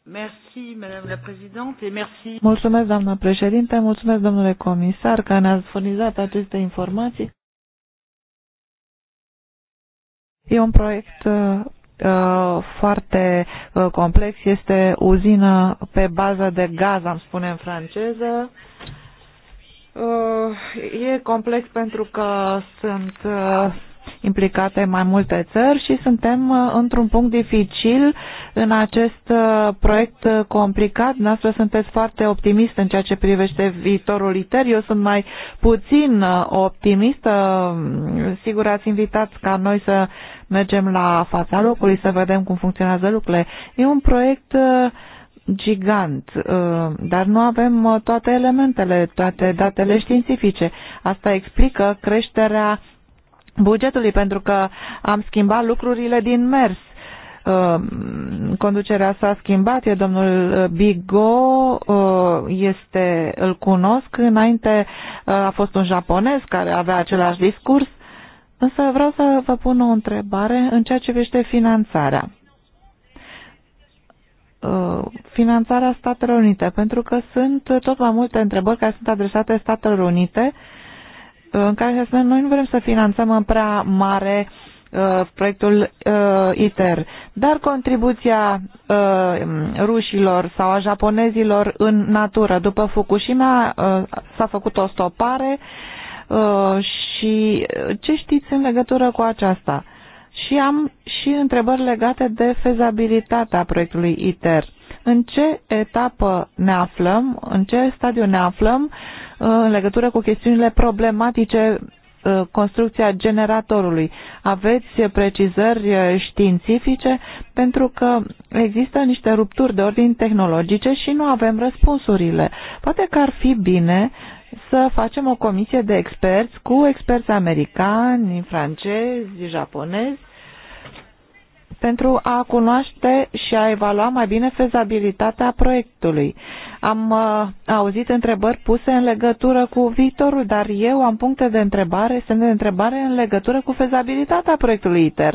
Mers. Mulțumesc, doamna președinte, mulțumesc, domnule comisar, că ne-ați furnizat aceste informații. E un proiect uh, uh, foarte uh, complex, este uzină pe bază de gaz, am spune în franceză. Uh, e complex pentru că sunt uh, implicate mai multe țări și suntem uh, într-un punct dificil în acest uh, proiect uh, complicat. Noastră sunteți foarte optimist în ceea ce privește viitorul ITER. Eu sunt mai puțin optimistă. Sigur ați invitat ca noi să mergem la fața locului, să vedem cum funcționează lucrurile. E un proiect gigant, dar nu avem toate elementele, toate datele științifice. Asta explică creșterea bugetului, pentru că am schimbat lucrurile din mers. Uh, conducerea s-a schimbat, e domnul uh, Bigo, uh, este, îl cunosc, înainte a fost un japonez care avea același discurs, însă vreau să vă pun o întrebare în ceea ce vește finanțarea finanțarea Statelor Unite, pentru că sunt tot mai multe întrebări care sunt adresate Statelor Unite uh, în care să spune noi nu vrem să finanțăm în prea mare uh, proiectul uh, ITER, dar contribuția uh, rușilor sau a japonezilor în natură după Fukushima s-a făcut o stopare și ce știți în legătură cu aceasta? Și am și întrebări legate de fezabilitatea proiectului ITER. În ce etapă ne aflăm, în ce stadiu ne aflăm Uh, în legătură cu chestiunile problematice uh, construcția generatorului. Aveți precizări uh, științifice pentru că există niște rupturi de ordin tehnologice și nu avem răspunsurile. Poate că ar fi bine să facem o comisie de experți cu experți americani, francezi, japonezi pentru a cunoaște și a evalua mai bine fezabilitatea proiectului. Am uh, auzit întrebări puse în legătură cu viitorul, dar eu am puncte de întrebare, sunt de întrebare în legătură cu fezabilitatea proiectului ITER.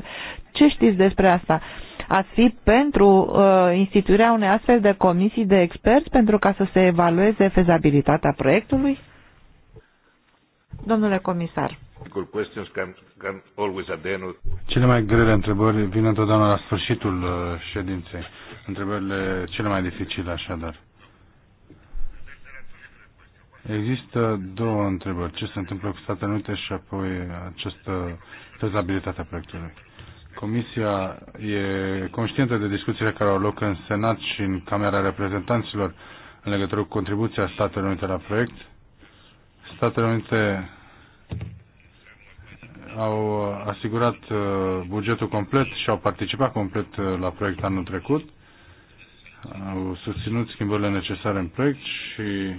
Ce știți despre asta? Ați fi pentru uh, instituirea unei astfel de comisii de experți pentru ca să se evalueze fezabilitatea proiectului? Domnule comisar. Cele mai grele întrebări vin întotdeauna la sfârșitul uh, ședinței. Întrebările cele mai dificile, așadar. Există două întrebări. Ce se întâmplă cu Statele Unite și apoi această fezabilitate a proiectului? Comisia e conștientă de discuțiile care au loc în Senat și în Camera Reprezentanților în legătură cu contribuția Statelor Unite la proiect. Statele Unite au asigurat uh, bugetul complet și au participat complet uh, la proiect anul trecut. Au susținut schimbările necesare în proiect și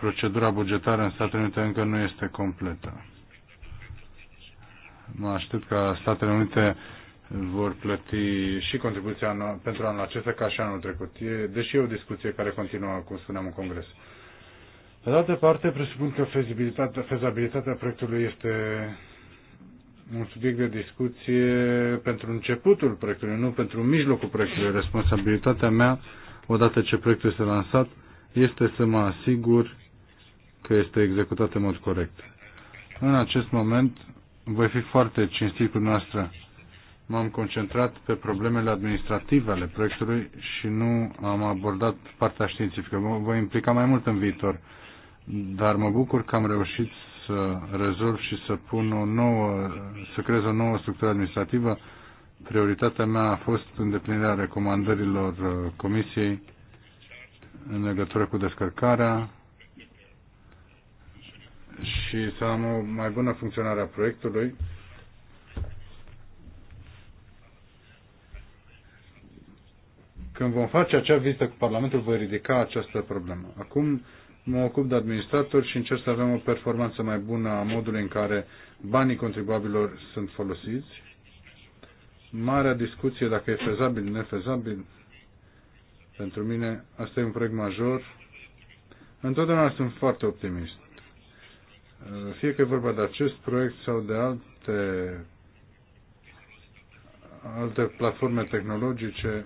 procedura bugetară în Statele Unite încă nu este completă. Mă aștept ca Statele Unite vor plăti și contribuția pentru anul acesta ca și anul trecut. E, deși e o discuție care continuă, cum spuneam, în Congres. Pe de altă parte, presupun că fezabilitatea, fezabilitatea proiectului este un subiect de discuție pentru începutul proiectului, nu pentru mijlocul proiectului. Responsabilitatea mea, odată ce proiectul este lansat, este să mă asigur că este executat în mod corect. În acest moment, voi fi foarte cinstit cu noastră. M-am concentrat pe problemele administrative ale proiectului și nu am abordat partea științifică. Voi implica mai mult în viitor dar mă bucur că am reușit să rezolv și să pun o nouă, să creez o nouă structură administrativă. Prioritatea mea a fost îndeplinirea recomandărilor uh, Comisiei în legătură cu descărcarea și să am o mai bună funcționare a proiectului. Când vom face acea vizită cu Parlamentul, voi ridica această problemă. Acum, mă ocup de administrator și încerc să avem o performanță mai bună a modului în care banii contribuabilor sunt folosiți. Marea discuție dacă e fezabil, nefezabil, pentru mine asta e un proiect major. Întotdeauna sunt foarte optimist. Fie că e vorba de acest proiect sau de alte, alte platforme tehnologice,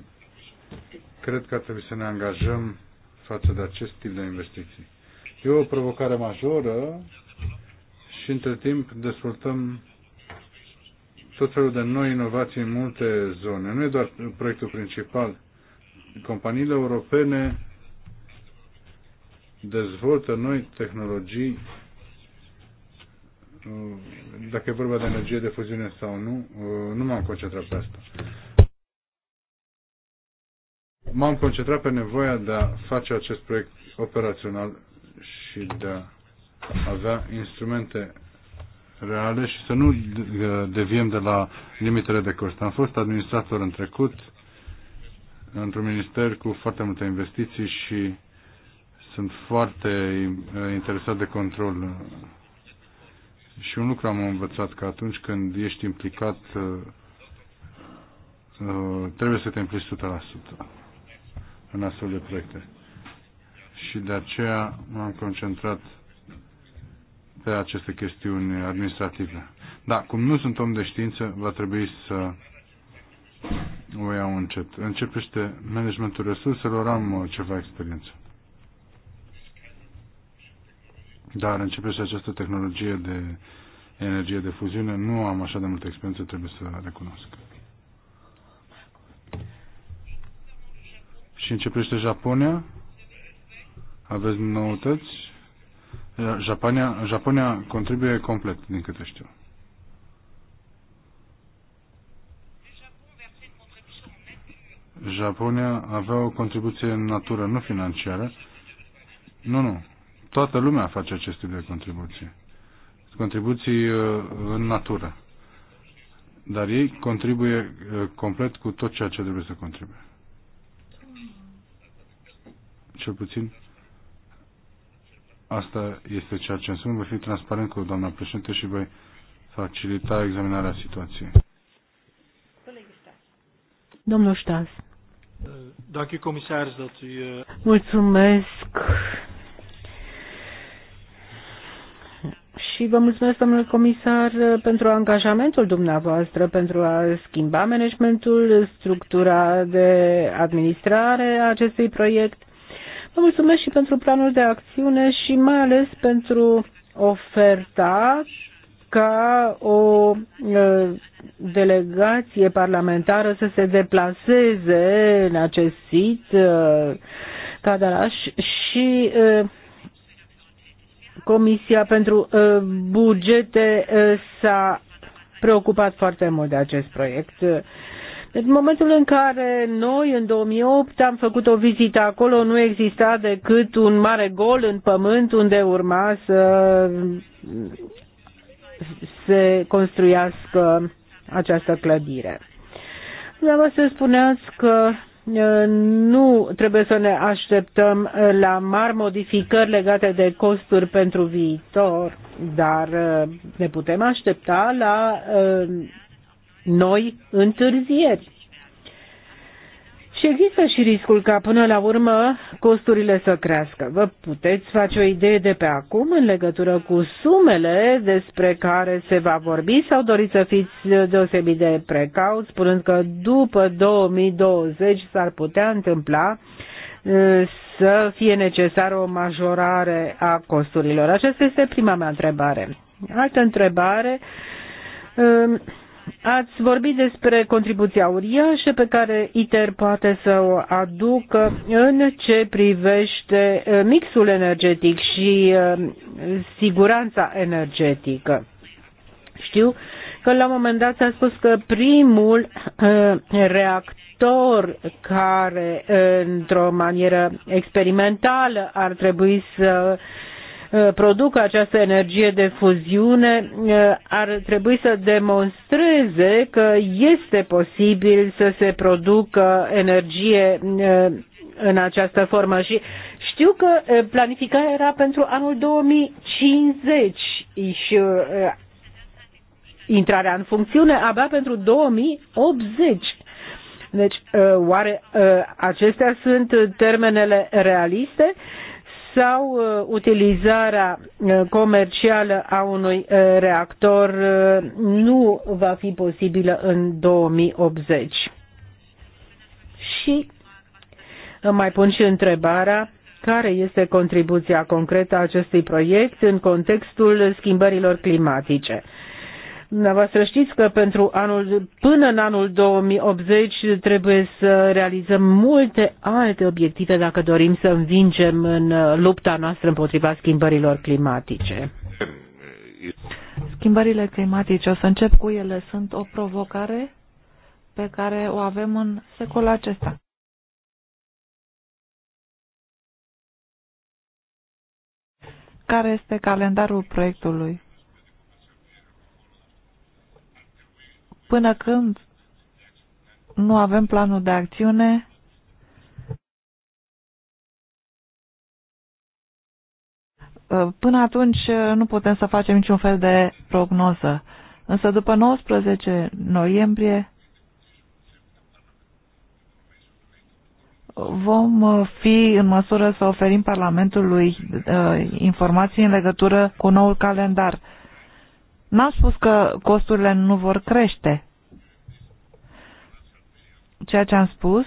cred că ar trebui să ne angajăm față de acest tip de investiții. E o provocare majoră și între timp dezvoltăm tot felul de noi inovații în multe zone. Nu e doar proiectul principal. Companiile europene dezvoltă noi tehnologii, dacă e vorba de energie de fuziune sau nu, nu m-am concentrat pe asta m-am concentrat pe nevoia de a face acest proiect operațional și de a avea instrumente reale și să nu uh, deviem de la limitele de cost. Am fost administrator în trecut într-un minister cu foarte multe investiții și sunt foarte uh, interesat de control. Și un lucru am învățat că atunci când ești implicat uh, trebuie să te implici 100% în astfel de proiecte. Și de aceea m-am concentrat pe aceste chestiuni administrative. Da, cum nu sunt om de știință, va trebui să o iau încet. Începește managementul resurselor, am uh, ceva experiență. Dar începește această tehnologie de energie de fuziune, nu am așa de multă experiență, trebuie să recunosc. Și începește Japonia. Aveți noutăți? Japonia, Japonia contribuie complet, din câte știu. Japonia avea o contribuție în natură, nu financiară. Nu, nu. Toată lumea face acest tip de contribuție. Contribuții uh, în natură. Dar ei contribuie uh, complet cu tot ceea ce trebuie să contribuie cel puțin asta este ceea ce înseamnă. Voi fi transparent cu doamna președinte și voi facilita examinarea situației. Domnul Ștas. Dacă comisar, Mulțumesc. Și vă mulțumesc, domnul comisar, pentru angajamentul dumneavoastră, pentru a schimba managementul, structura de administrare a acestui proiect Vă mulțumesc și pentru planul de acțiune și mai ales pentru oferta ca o delegație parlamentară să se deplaseze în acest sit Cadaraș și Comisia pentru Bugete s-a preocupat foarte mult de acest proiect în momentul în care noi, în 2008, am făcut o vizită acolo, nu exista decât un mare gol în pământ unde urma să se construiască această clădire. să spuneați că nu trebuie să ne așteptăm la mari modificări legate de costuri pentru viitor, dar ne putem aștepta la noi întârzieri. Și există și riscul ca până la urmă costurile să crească. Vă puteți face o idee de pe acum în legătură cu sumele despre care se va vorbi sau doriți să fiți deosebit de precauți, spunând că după 2020 s-ar putea întâmpla uh, să fie necesară o majorare a costurilor? Aceasta este prima mea întrebare. Altă întrebare uh, Ați vorbit despre contribuția uriașă pe care ITER poate să o aducă în ce privește eh, mixul energetic și eh, siguranța energetică. Știu că la un moment dat s-a spus că primul eh, reactor care, într-o manieră experimentală, ar trebui să Uh, producă această energie de fuziune uh, ar trebui să demonstreze că este posibil să se producă energie uh, în această formă și știu că planificarea era pentru anul 2050 și intrarea în funcțiune abia pentru 2080. Deci, oare acestea sunt termenele realiste? sau uh, utilizarea uh, comercială a unui uh, reactor nu va fi posibilă în 2080. Și mai pun și întrebarea care este contribuția concretă a acestui proiect în contextul schimbărilor climatice. Dumneavoastră știți că pentru anul, până în anul 2080 trebuie să realizăm multe alte obiective dacă dorim să învingem în lupta noastră împotriva schimbărilor climatice. Schimbările climatice, o să încep cu ele, sunt o provocare pe care o avem în secolul acesta. Care este calendarul proiectului? până când nu avem planul de acțiune, uh, până atunci uh, nu putem să facem niciun fel de prognoză. Însă după 19 noiembrie vom uh, fi în măsură să oferim Parlamentului informații în legătură cu noul calendar. N-am spus că costurile nu vor crește. Ceea ce am spus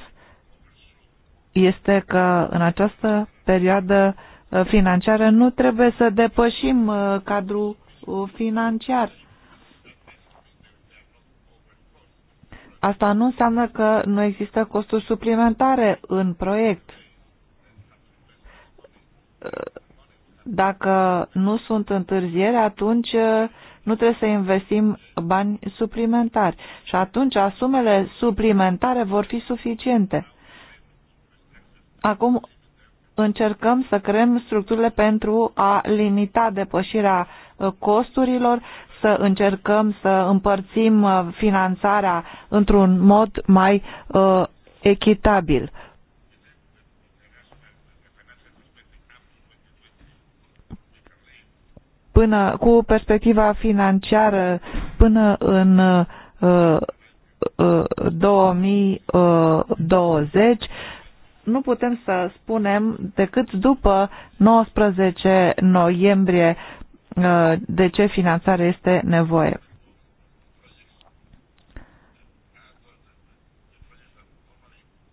este că în această perioadă uh, financiară nu trebuie să depășim uh, cadrul uh, financiar. Asta nu înseamnă că nu există costuri suplimentare în proiect. Dacă nu sunt întârzieri, atunci nu trebuie să investim bani suplimentari și atunci sumele suplimentare vor fi suficiente. Acum încercăm să creăm structurile pentru a limita depășirea uh, costurilor, să încercăm să împărțim uh, finanțarea într-un mod mai uh, echitabil până cu perspectiva financiară până în uh, uh, 2020 uh, nu putem să spunem decât după 19 noiembrie uh, de ce finanțare este nevoie.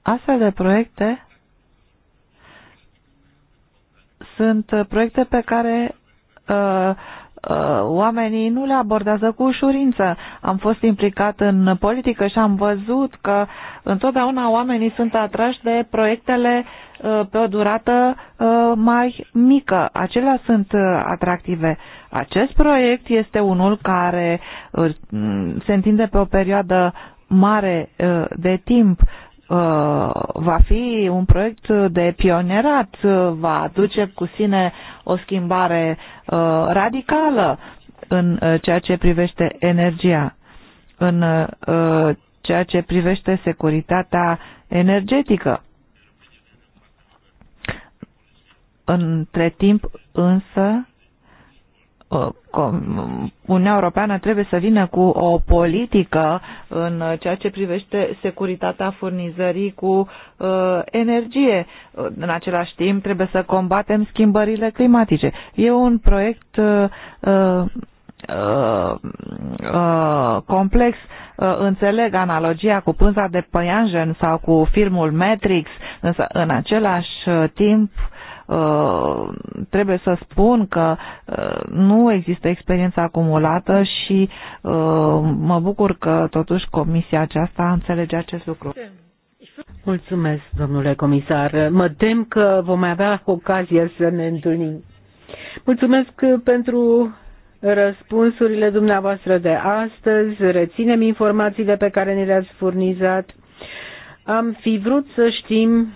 Astfel de proiecte sunt proiecte pe care Uh, uh, oamenii nu le abordează cu ușurință. Am fost implicat în politică și am văzut că întotdeauna oamenii sunt atrași de proiectele uh, pe o durată mai mică. Acelea sunt atractive. Acest proiect este unul care se întinde pe o perioadă mare de timp Uh, va fi un proiect de pionerat, uh, va aduce cu sine o schimbare uh, radicală în ceea ce privește energia, în ceea ce privește securitatea energetică. Între timp însă Uh, Uniunea Europeană trebuie să vină cu o politică în ceea ce privește securitatea furnizării cu uh, energie. Uh, în același timp trebuie să combatem schimbările climatice. E un proiect complex. Înțeleg analogia cu pânza de păianjen sau cu filmul Matrix, însă în același timp uh, Uh, trebuie să spun că uh, nu există experiență acumulată și uh, mă bucur că totuși comisia aceasta înțelege acest lucru. Mulțumesc, domnule comisar. Mă tem că vom avea ocazia să ne întâlnim. Mulțumesc pentru răspunsurile dumneavoastră de astăzi. Reținem informațiile pe care ni le-ați furnizat. Am fi vrut să știm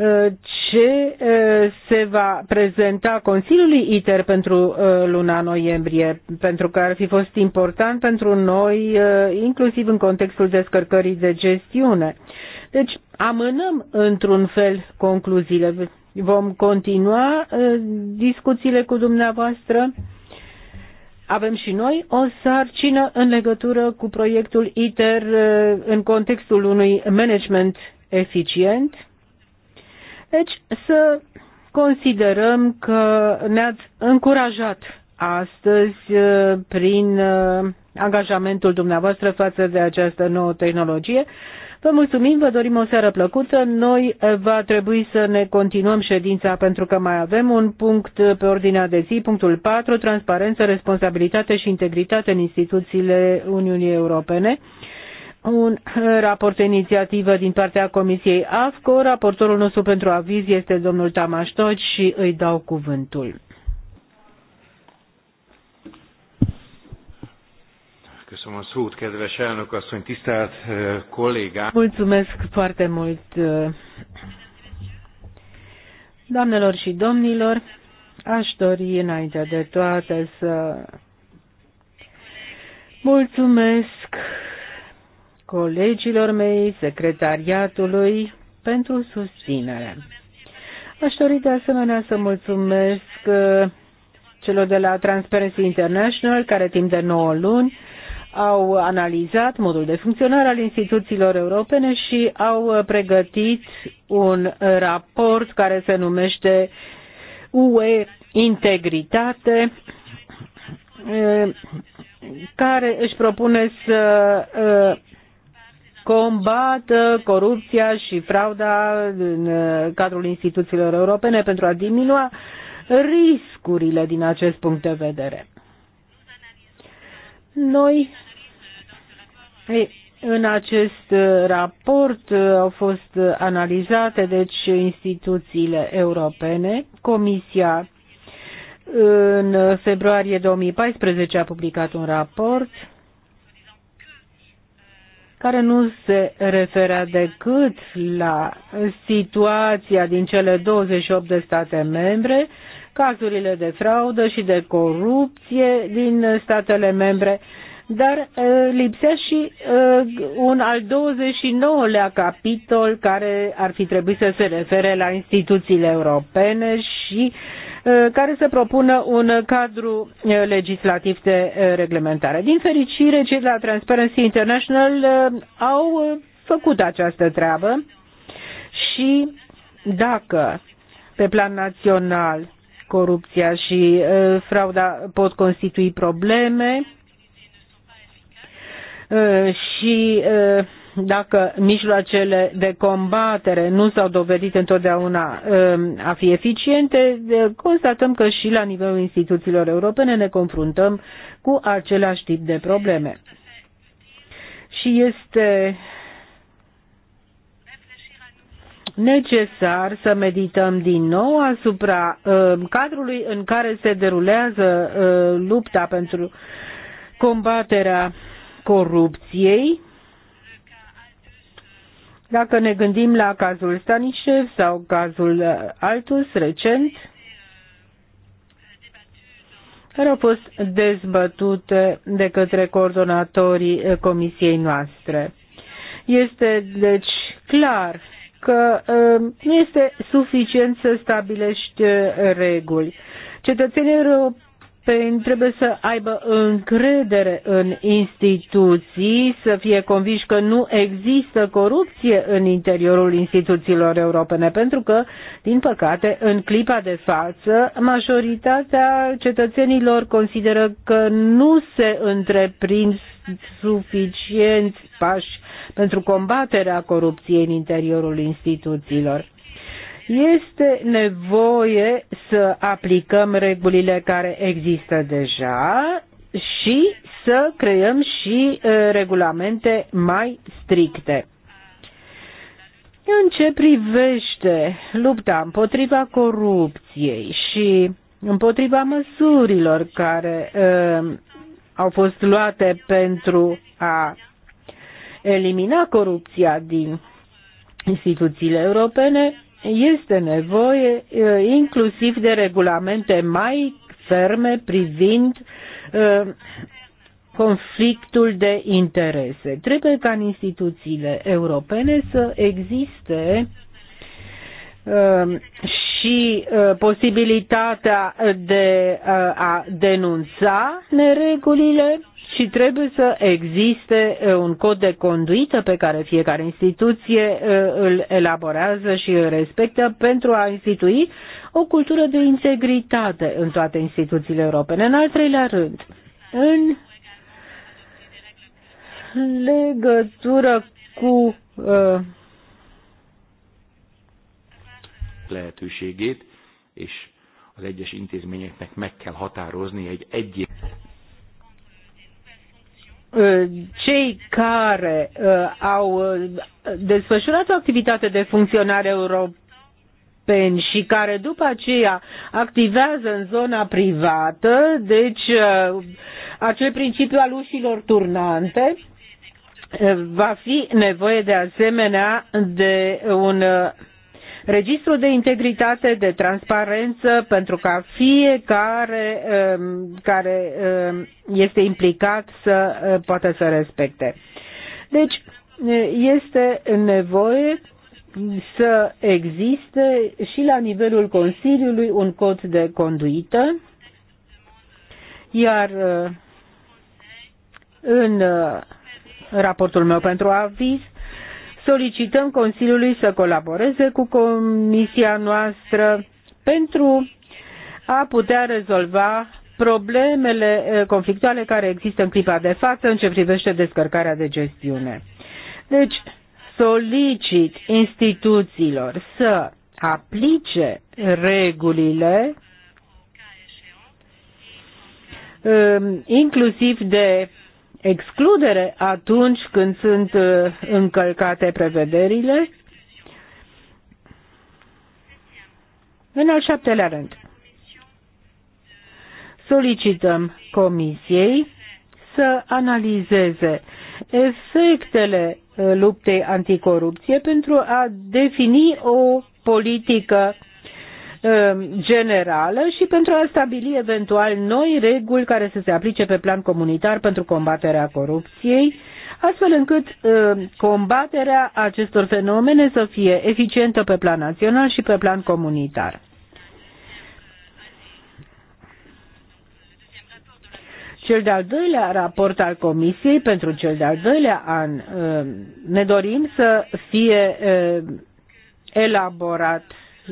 Uh, ce uh, se va prezenta Consiliului ITER pentru uh, luna noiembrie, pentru că ar fi fost important pentru noi, inclusiv în contextul descărcării de gestiune. Deci amânăm într-un fel concluziile. Vom continua discuțiile cu dumneavoastră. Avem și noi o sarcină în legătură cu proiectul ITER în contextul unui management eficient deci să considerăm că ne-ați încurajat astăzi uh, prin uh, angajamentul dumneavoastră față de această nouă tehnologie. Vă mulțumim, vă dorim o seară plăcută. Noi uh, va trebui să ne continuăm ședința pentru că mai avem un punct pe ordinea de zi, punctul 4, transparență, responsabilitate și integritate în instituțiile Uniunii Europene un raport de inițiativă din partea Comisiei AFCO. Raportorul nostru pentru aviz este domnul Tamaș și îi dau cuvântul. Eh, mulțumesc foarte mult, eh, doamnelor și domnilor. Aș dori înainte de toate să mulțumesc colegilor mei, secretariatului, pentru susținere. Aș dori de asemenea să mulțumesc uh, celor de la Transparency International, care timp de 9 luni au analizat modul de funcționare al instituțiilor europene și au uh, pregătit un raport care se numește UE Integritate, uh, care își propune să combată corupția și frauda în uh, cadrul instituțiilor europene pentru a diminua riscurile din acest punct de vedere. Noi, în acest uh, raport uh, au fost analizate, deci, instituțiile europene, Comisia în februarie 2014 a publicat un raport care nu se referea decât la situația din cele 28 de state membre, cazurile de fraudă și de corupție din statele membre, dar lipsea și un al 29-lea capitol care ar fi trebuit să se refere la instituțiile europene și uh, Uh, care să propună un cadru uh, legislativ de uh, reglementare. Din fericire, cei de la Transparency International au făcut această treabă și dacă pe plan național corupția și frauda pot constitui probleme și dacă mijloacele de combatere nu s-au dovedit întotdeauna um, a fi eficiente, constatăm că și la nivelul instituțiilor europene ne confruntăm cu același tip de probleme. Și este necesar să medităm din nou asupra um, cadrului în care se derulează uh, lupta pentru combaterea corupției dacă ne gândim la cazul Stanishev sau cazul Altus recent, care au fost dezbătute de către coordonatorii comisiei noastre. Este deci clar că uh, nu este suficient să stabilești uh, reguli. Cetățenii europeni Păi, trebuie să aibă încredere în instituții, să fie conviși că nu există corupție în interiorul instituțiilor europene, pentru că, din păcate, în clipa de față, majoritatea cetățenilor consideră că nu se întreprind suficienți pași pentru combaterea corupției în interiorul instituțiilor. Este nevoie să aplicăm regulile care există deja și să creăm și uh, regulamente mai stricte. În ce privește lupta împotriva corupției și împotriva măsurilor care uh, au fost luate pentru a elimina corupția din instituțiile europene, este nevoie inclusiv de regulamente mai ferme privind conflictul de interese. Trebuie ca în instituțiile europene să existe și posibilitatea de a denunța neregulile și trebuie să existe uh, un cod de conduită pe care fiecare instituție uh, îl elaborează și îl respectă pentru a institui o cultură de integritate în toate instituțiile europene. În al treilea rând, în legătură cu uh, Ă, cei care ă, au ă, desfășurat o activitate de funcționare europeană europeni și care după aceea activează în zona privată, deci acel principiu al ușilor turnante, va fi nevoie de asemenea de un registru de integritate, de transparență, pentru ca fiecare um, care um, este implicat să uh, poată să respecte. Deci, uh, este nevoie să existe și la nivelul Consiliului un cod de conduită, iar uh, în raportul meu pentru aviz solicităm Consiliului să colaboreze cu comisia noastră pentru a putea rezolva problemele eh, conflictuale care există în clipa de față în ce privește descărcarea de gestiune. Deci, solicit instituțiilor să aplice regulile eh, inclusiv de excludere atunci când sunt uh, încălcate prevederile. În al șaptelea rând, solicităm Comisiei să analizeze efectele uh, luptei anticorupție pentru a defini o politică Um, generală și pentru a stabili eventual noi reguli care să se aplice pe plan comunitar pentru combaterea corupției, astfel încât um, combaterea acestor fenomene să fie eficientă pe plan național și pe plan comunitar. Cel de-al doilea raport al Comisiei pentru cel de-al doilea an um, ne dorim să fie elaborat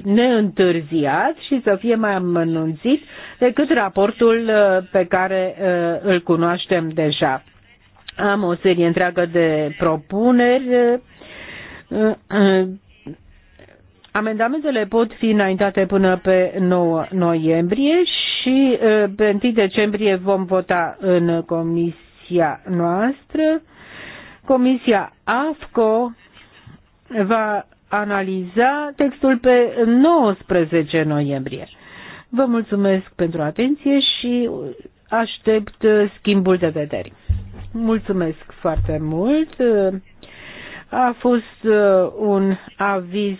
neîntârziat și să fie mai amănunțit decât raportul uh, pe care uh, îl cunoaștem deja. Am o serie întreagă de propuneri. Uh, amendamentele pot fi înaintate până pe 9 noiembrie și pe 1 decembrie vom vota în comisia noastră. Comisia AFCO va analiza textul pe 19 noiembrie. Vă mulțumesc pentru atenție și aștept schimbul de vederi. Mulțumesc foarte mult. A fost uh, un aviz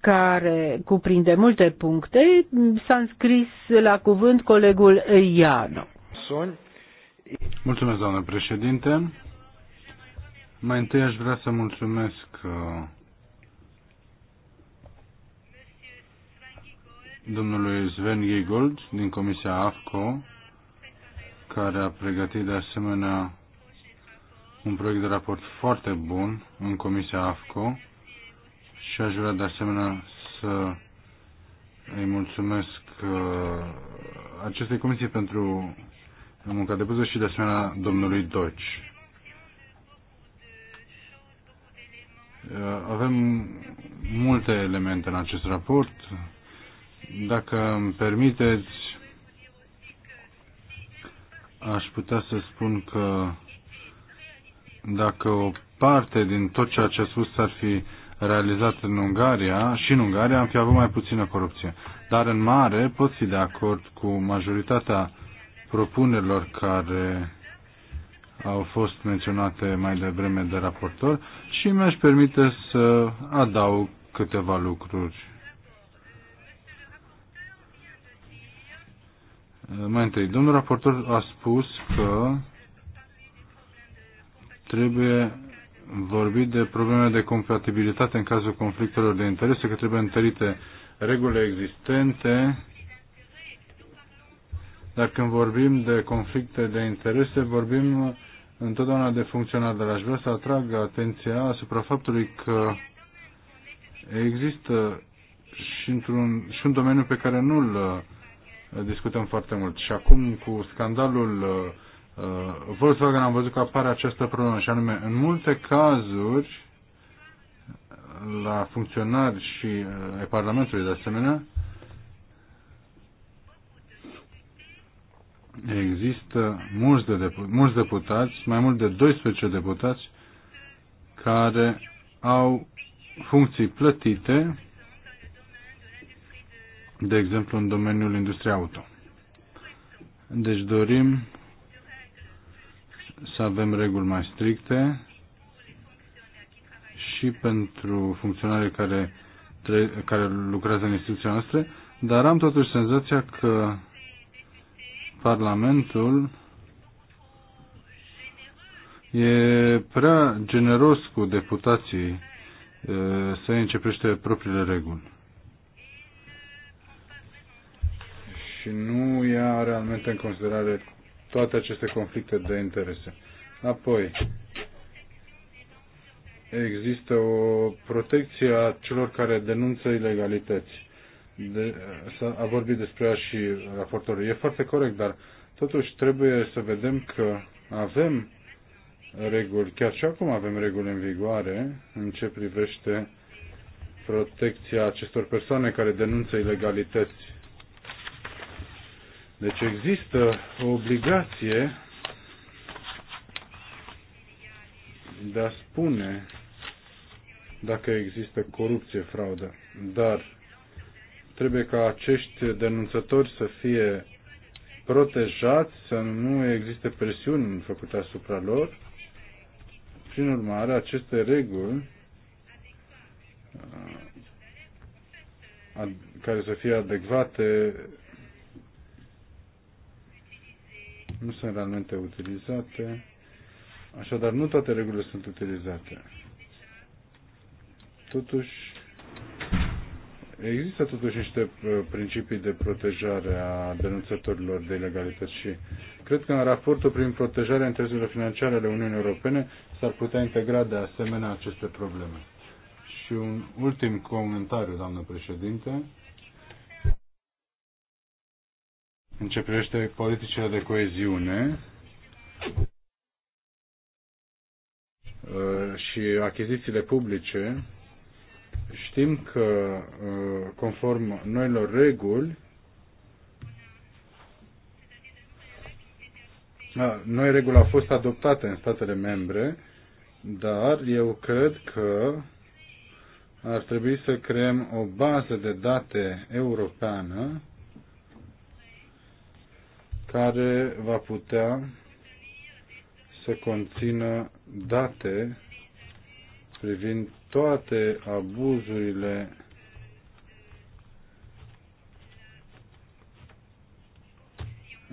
care cuprinde multe puncte. S-a înscris la cuvânt colegul Iano. Mulțumesc, doamnă președinte. Mai întâi aș vrea să mulțumesc uh, domnului Sven Giegold din Comisia AFCO, care a pregătit de asemenea un proiect de raport foarte bun în Comisia AFCO și aș vrea de asemenea să îi mulțumesc uh, acestei comisii pentru munca depusă și de asemenea domnului Doci. Uh, avem multe elemente în acest raport, dacă îmi permiteți, aș putea să spun că dacă o parte din tot ceea ce a spus ar fi realizat în Ungaria, și în Ungaria am fi avut mai puțină corupție. Dar în mare pot fi de acord cu majoritatea propunerilor care au fost menționate mai devreme de raportor și mi-aș permite să adaug câteva lucruri Uh, mai întâi, domnul raportor a spus că trebuie vorbit de probleme de compatibilitate în cazul conflictelor de interese, că trebuie întărite regulile existente, dar când vorbim de conflicte de interese, vorbim întotdeauna de funcționar, dar aș vrea să atrag atenția asupra faptului că există și, într-un, și un domeniu pe care nu-l discutăm foarte mult. Și acum cu scandalul uh, uh, Volkswagen am văzut că apare această problemă și anume în multe cazuri la funcționari și uh, ai Parlamentului de asemenea există mulți, de depu mulți deputați, mai mult de 12 deputați care au funcții plătite de exemplu în domeniul industriei auto. Deci dorim să avem reguli mai stricte și pentru funcționarii care, care lucrează în instituția noastră, dar am totuși senzația că Parlamentul e prea generos cu deputații să începește propriile reguli. și nu ia realmente în considerare toate aceste conflicte de interese. Apoi, există o protecție a celor care denunță ilegalități. De, a vorbit despre ea și raportorul. E foarte corect, dar totuși trebuie să vedem că avem reguli, chiar și acum avem reguli în vigoare în ce privește protecția acestor persoane care denunță ilegalități deci există o obligație de a spune dacă există corupție, fraudă, dar trebuie ca acești denunțători să fie protejați, să nu existe presiuni făcute asupra lor. Prin urmare, aceste reguli uh, care să fie adecvate nu sunt realmente utilizate. Așadar, nu toate regulile sunt utilizate. Totuși, există totuși niște uh, principii de protejare a denunțătorilor de ilegalități și cred că în raportul prin protejarea intereselor financiare ale Uniunii Europene s-ar putea integra de asemenea aceste probleme. Și un ultim comentariu, doamnă președinte. în ce privește politicile de coeziune uh, și achizițiile publice, știm că, uh, conform noilor reguli, noi reguli au fost adoptate în statele membre, dar eu cred că ar trebui să creăm o bază de date europeană care va putea să conțină date privind toate abuzurile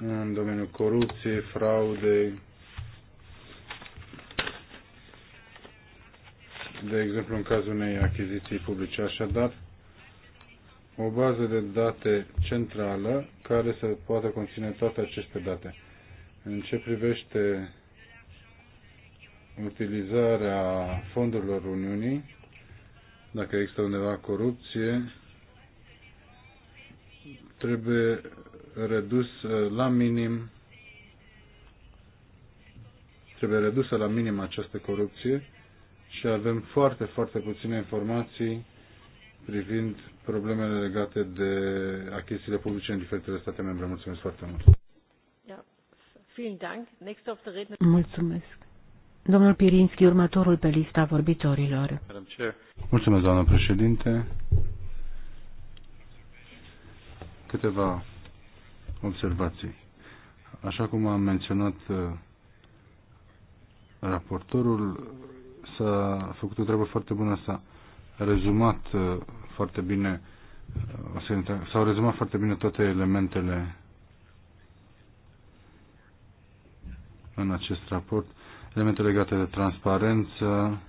în domeniul corupției, fraudei, de exemplu în cazul unei achiziții publice. Așadar, o bază de date centrală care să poată conține toate aceste date. În ce privește utilizarea fondurilor Uniunii, dacă există undeva corupție, trebuie redus uh, la minim trebuie redusă la minim această corupție și avem foarte, foarte puține informații privind problemele legate de achizițiile publice în diferitele state membre. Mulțumesc foarte mult! Mulțumesc! Domnul Pirinski, următorul pe lista vorbitorilor. Mulțumesc, doamnă președinte. Câteva observații. Așa cum am menționat uh, raportorul, s-a făcut o treabă foarte bună, s-a rezumat uh, foarte bine uh, s-au rezumat foarte bine toate elementele în acest raport, elemente legate de transparență,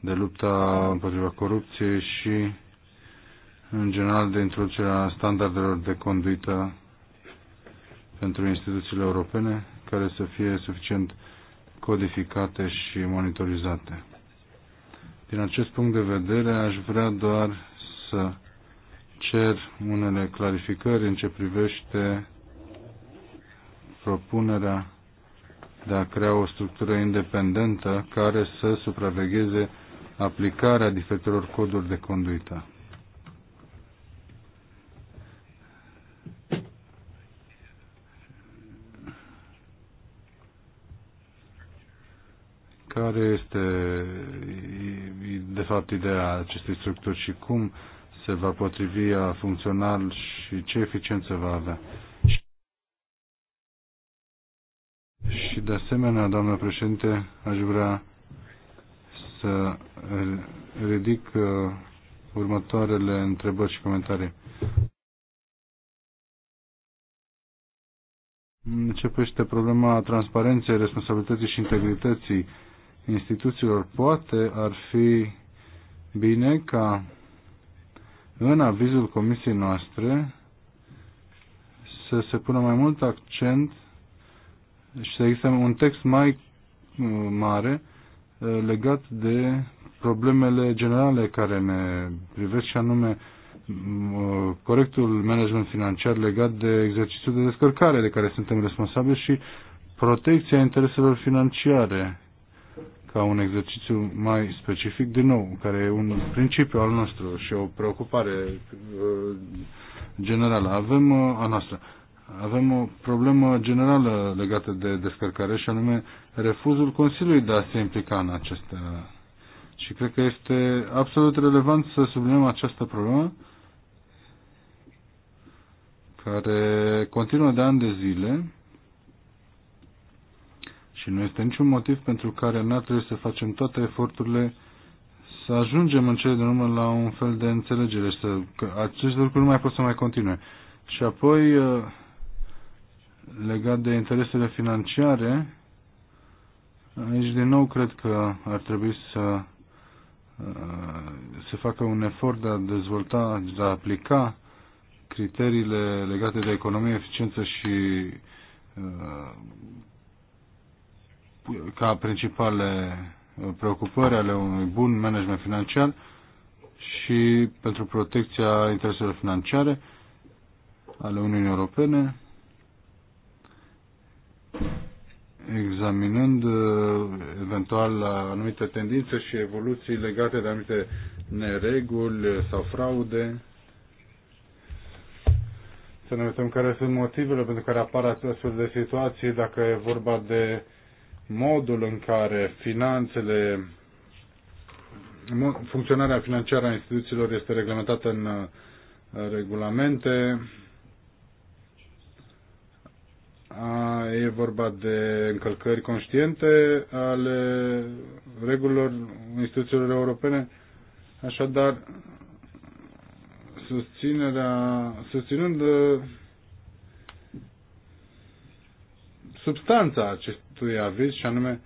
de lupta împotriva corupției și, în general, de introducerea standardelor de conduită pentru instituțiile europene, care să fie suficient codificate și monitorizate. Din acest punct de vedere, aș vrea doar să cer unele clarificări în ce privește propunerea de a crea o structură independentă care să supravegheze aplicarea diferitelor coduri de conduită. Care este de fapt ideea acestei structuri și cum se va potrivi a funcțional și ce eficiență va avea. Și de asemenea, doamnă președinte, aș vrea să ridic uh, următoarele întrebări și comentarii. Începește problema transparenței, responsabilității și integrității instituțiilor. Poate ar fi bine ca în avizul comisiei noastre să se pună mai mult accent și să există un text mai uh, mare uh, legat de problemele generale care ne privesc și anume uh, corectul management financiar legat de exercițiul de descărcare de care suntem responsabili și protecția intereselor financiare ca un exercițiu mai specific, din nou, care e un principiu al nostru și o preocupare uh, generală. Avem uh, a noastră. Avem o problemă generală legată de descărcare și anume refuzul Consiliului de a se implica în acestea. Și cred că este absolut relevant să subliniem această problemă care continuă de ani de zile și nu este niciun motiv pentru care n-ar trebui să facem toate eforturile să ajungem în cele din urmă la un fel de înțelegere și să, că acest lucru nu mai pot să mai continue. Și apoi, eh, legat de interesele financiare, aici din nou cred că ar trebui să eh, se facă un efort de a dezvolta, de a aplica criteriile legate de economie, eficiență și eh, ca principale uh, preocupări ale unui bun management financiar și pentru protecția intereselor financiare ale Uniunii Europene, examinând uh, eventual anumite tendințe și evoluții legate de anumite nereguli sau fraude. Să ne uităm care sunt motivele pentru care apar astfel de situații, dacă e vorba de modul în care finanțele, funcționarea financiară a instituțiilor este reglementată în uh, regulamente. E vorba de încălcări conștiente ale regulilor instituțiilor europene. Așadar, susținerea, susținând uh, substanța acest, acestui aviz și anume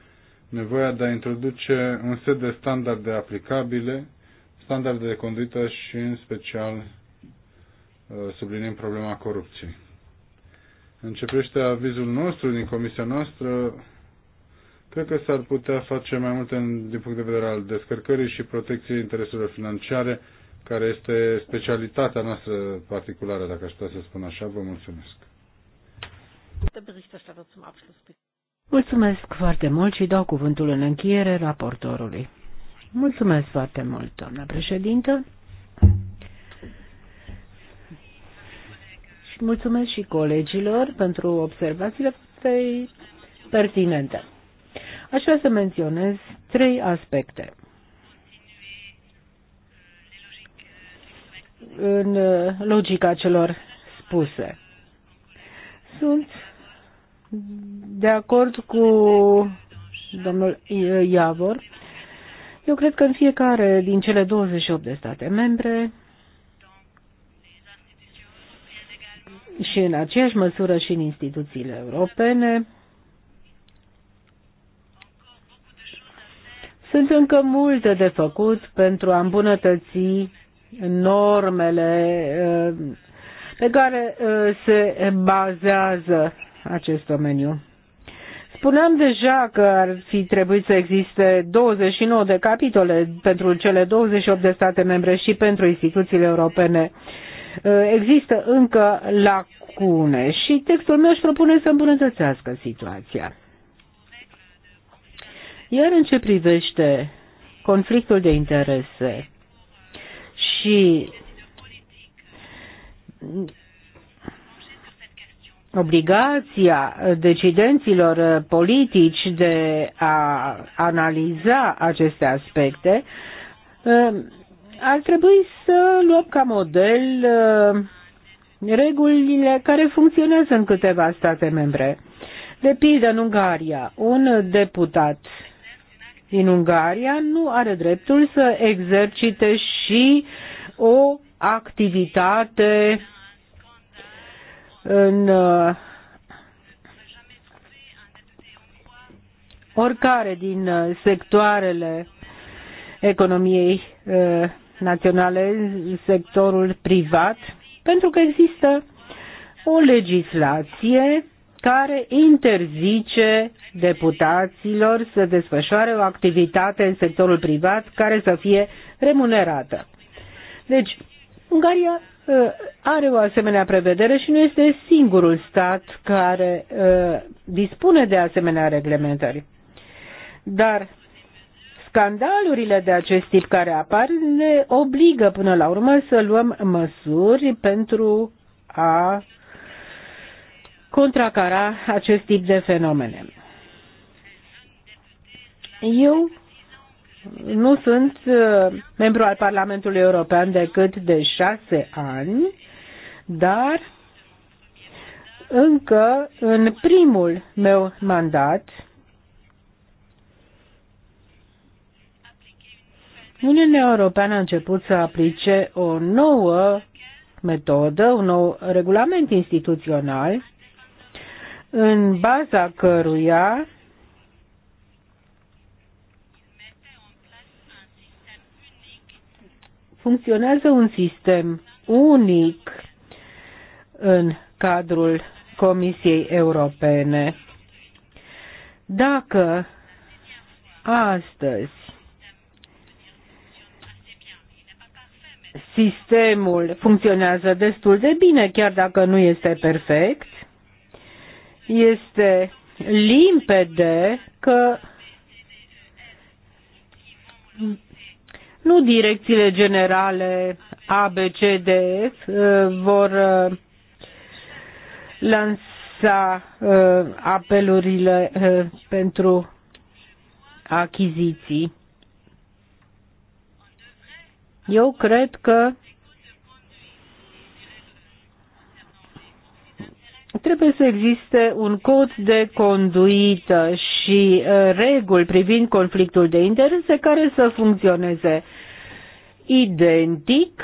nevoia de a introduce un set de standarde aplicabile, standarde de conduită și în special uh, subliniem problema corupției. Începește avizul nostru din comisia noastră, cred că s-ar putea face mai multe din punct de vedere al descărcării și protecției intereselor financiare, care este specialitatea noastră particulară, dacă aș putea să spun așa. Vă mulțumesc. Mulțumesc foarte mult și dau cuvântul în încheiere raportorului. Mulțumesc foarte mult, doamna președintă. Și mulțumesc și colegilor pentru observațiile pertinente. Aș vrea să menționez trei aspecte. În logica celor spuse. Sunt de acord cu domnul Iavor, eu cred că în fiecare din cele 28 de state membre și în aceeași măsură și în instituțiile europene sunt încă multe de făcut pentru a îmbunătăți normele uh, pe care uh, se bazează acest domeniu. Spuneam deja că ar fi trebuit să existe 29 de capitole pentru cele 28 de state membre și pentru instituțiile europene. Ă, există încă lacune și textul meu își propune să îmbunătățească situația. Iar în ce privește conflictul de interese și obligația decidenților politici de a analiza aceste aspecte, uh, ar trebui să luăm ca model uh, regulile care funcționează în câteva state membre. De pildă, în Ungaria, un deputat din Ungaria nu are dreptul să exercite și o activitate uh, în uh, oricare din uh, sectoarele economiei uh, naționale, sectorul privat, pentru că există o legislație care interzice deputaților să desfășoare o activitate în sectorul privat care să fie remunerată. Deci, Ungaria are o asemenea prevedere și nu este singurul stat care uh, dispune de asemenea reglementări. Dar scandalurile de acest tip care apar ne obligă până la urmă să luăm măsuri pentru a contracara acest tip de fenomene. Eu nu sunt uh, membru al Parlamentului European decât de șase ani, dar încă în primul meu mandat Uniunea Europeană a început să aplice o nouă metodă, un nou regulament instituțional, în baza căruia funcționează un sistem unic în cadrul Comisiei Europene. Dacă astăzi sistemul funcționează destul de bine, chiar dacă nu este perfect, este limpede că nu direcțiile generale ABCDF uh, vor uh, lansa uh, apelurile pentru achiziții. Eu cred că trebuie să existe un cod de conduită și uh, reguli privind conflictul de interese care să funcționeze identic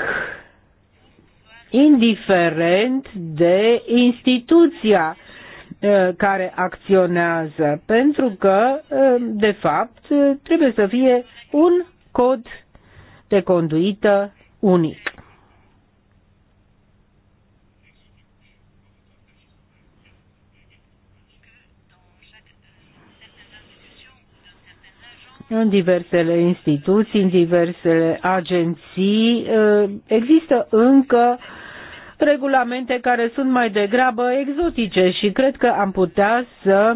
indiferent de instituția uh, care acționează, pentru că, uh, de fapt, trebuie să fie un cod de conduită unic. în diversele instituții, în diversele agenții. Eh, există încă regulamente care sunt mai degrabă exotice și cred că am putea să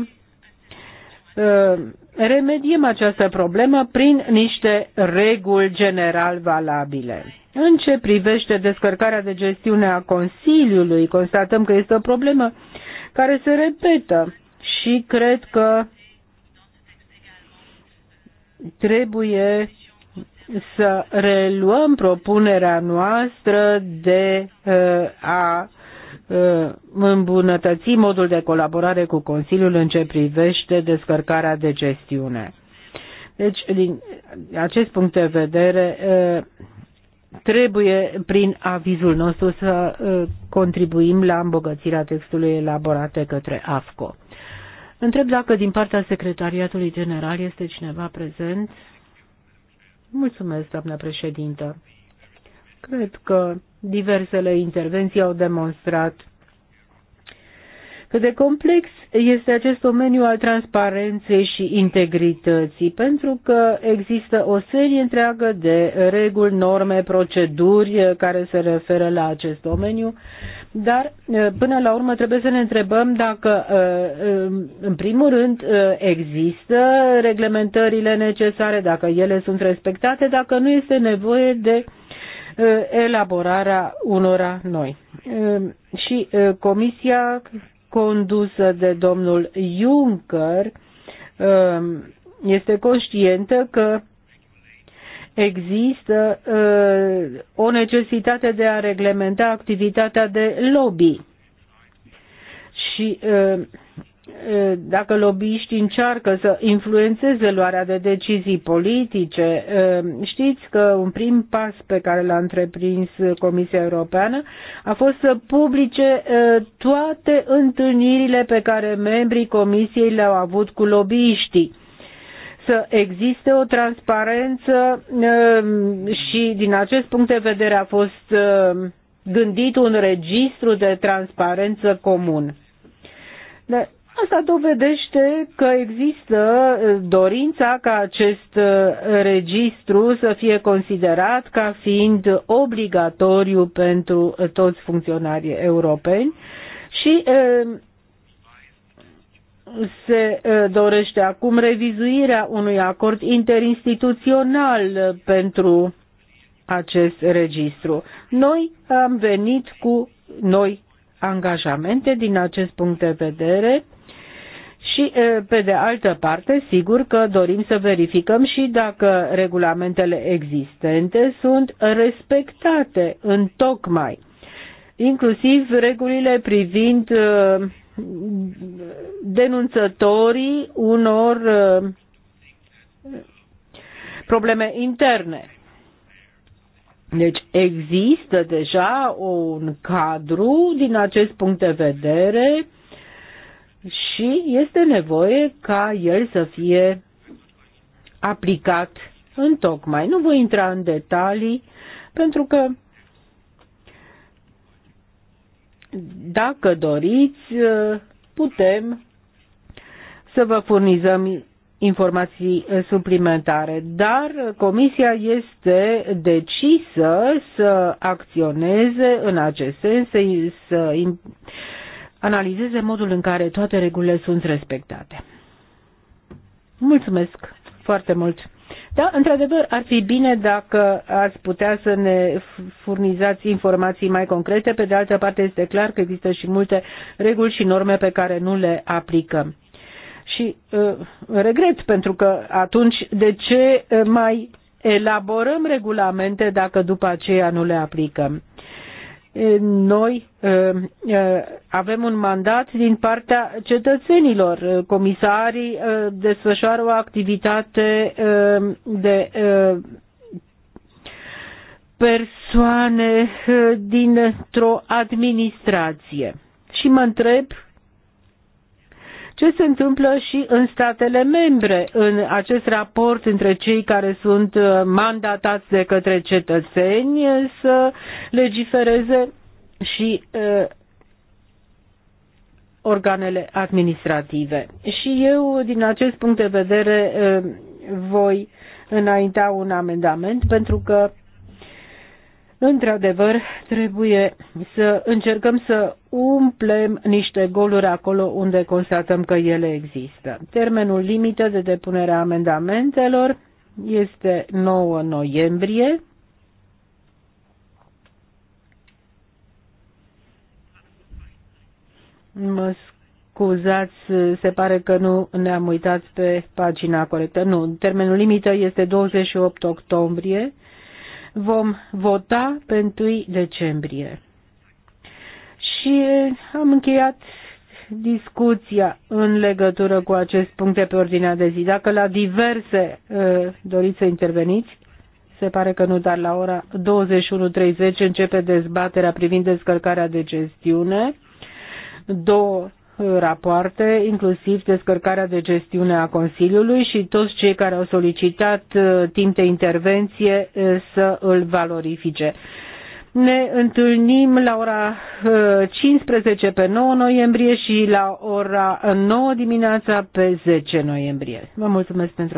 eh, remediem această problemă prin niște reguli general valabile. În ce privește descărcarea de gestiune a Consiliului, constatăm că este o problemă care se repetă și cred că trebuie să reluăm propunerea noastră de uh, a uh, îmbunătăți modul de colaborare cu Consiliul în ce privește descărcarea de gestiune. Deci, din acest punct de vedere, uh, trebuie prin avizul nostru să contribuim la îmbogățirea textului elaborat de către AFCO. Întreb dacă din partea Secretariatului General este cineva prezent. Mulțumesc, doamnă președintă. Cred că diversele intervenții au demonstrat cât de complex este acest domeniu al transparenței și integrității, pentru că există o serie întreagă de reguli, norme, proceduri care se referă la acest domeniu dar, până la urmă, trebuie să ne întrebăm dacă, în primul rând, există reglementările necesare, dacă ele sunt respectate, dacă nu este nevoie de elaborarea unora noi. Și comisia condusă de domnul Juncker este conștientă că există uh, o necesitate de a reglementa activitatea de lobby. Și uh, uh dacă lobbyiștii încearcă să influențeze luarea de decizii politice, uh, știți că un prim pas pe care l-a întreprins Comisia Europeană a fost să publice uh, toate întâlnirile pe care membrii Comisiei le-au avut cu lobbyiștii să existe o transparență um, și din acest punct de vedere a fost um, gândit un registru de transparență comun. De Asta dovedește că există uh, dorința ca acest uh, registru să fie considerat ca fiind obligatoriu pentru uh, toți funcționarii europeni și um, se dorește acum revizuirea unui acord interinstituțional pentru acest registru. Noi am venit cu noi angajamente din acest punct de vedere și, pe de altă parte, sigur că dorim să verificăm și dacă regulamentele existente sunt respectate în tocmai, inclusiv regulile privind uh, denunțătorii unor uh, probleme interne. Deci există deja un cadru din acest punct de vedere și este nevoie ca el să fie aplicat în tocmai. Nu voi intra în detalii pentru că dacă doriți, putem să vă furnizăm informații suplimentare, dar Comisia este decisă să acționeze în acest sens, să analizeze modul în care toate regulile sunt respectate. Mulțumesc foarte mult! Da, într-adevăr, ar fi bine dacă ați putea să ne furnizați informații mai concrete. Pe de altă parte, este clar că există și multe reguli și norme pe care nu le aplicăm. Și uh, regret, pentru că atunci de ce mai elaborăm regulamente dacă după aceea nu le aplicăm? noi eh, eh, avem un mandat din partea cetățenilor. Comisarii eh, desfășoară o activitate de persoane dintr-o administrație. Și mă întreb ce se întâmplă și în statele membre în acest raport între cei care sunt uh, mandatați de către cetățeni uh, să legifereze și uh, organele administrative. Și eu, din acest punct de vedere, voi înainta un amendament pentru că Într-adevăr, trebuie să încercăm să umplem niște goluri acolo unde constatăm că ele există. Termenul limită de depunere a amendamentelor este 9 noiembrie. Mă scuzați, se pare că nu ne-am uitat pe pagina corectă. Nu, termenul limită este 28 octombrie vom vota pe 1 decembrie. Și am încheiat discuția în legătură cu acest punct de pe ordinea de zi. Dacă la diverse uh, doriți să interveniți, se pare că nu, dar la ora 21.30 începe dezbaterea privind descărcarea de gestiune. Două rapoarte, inclusiv descărcarea de gestiune a Consiliului și toți cei care au solicitat uh, timp de intervenție uh, să îl valorifice. Ne întâlnim la ora 15 uh, pe 9 noiembrie și la ora 9 dimineața pe 10 noiembrie. Vă mulțumesc pentru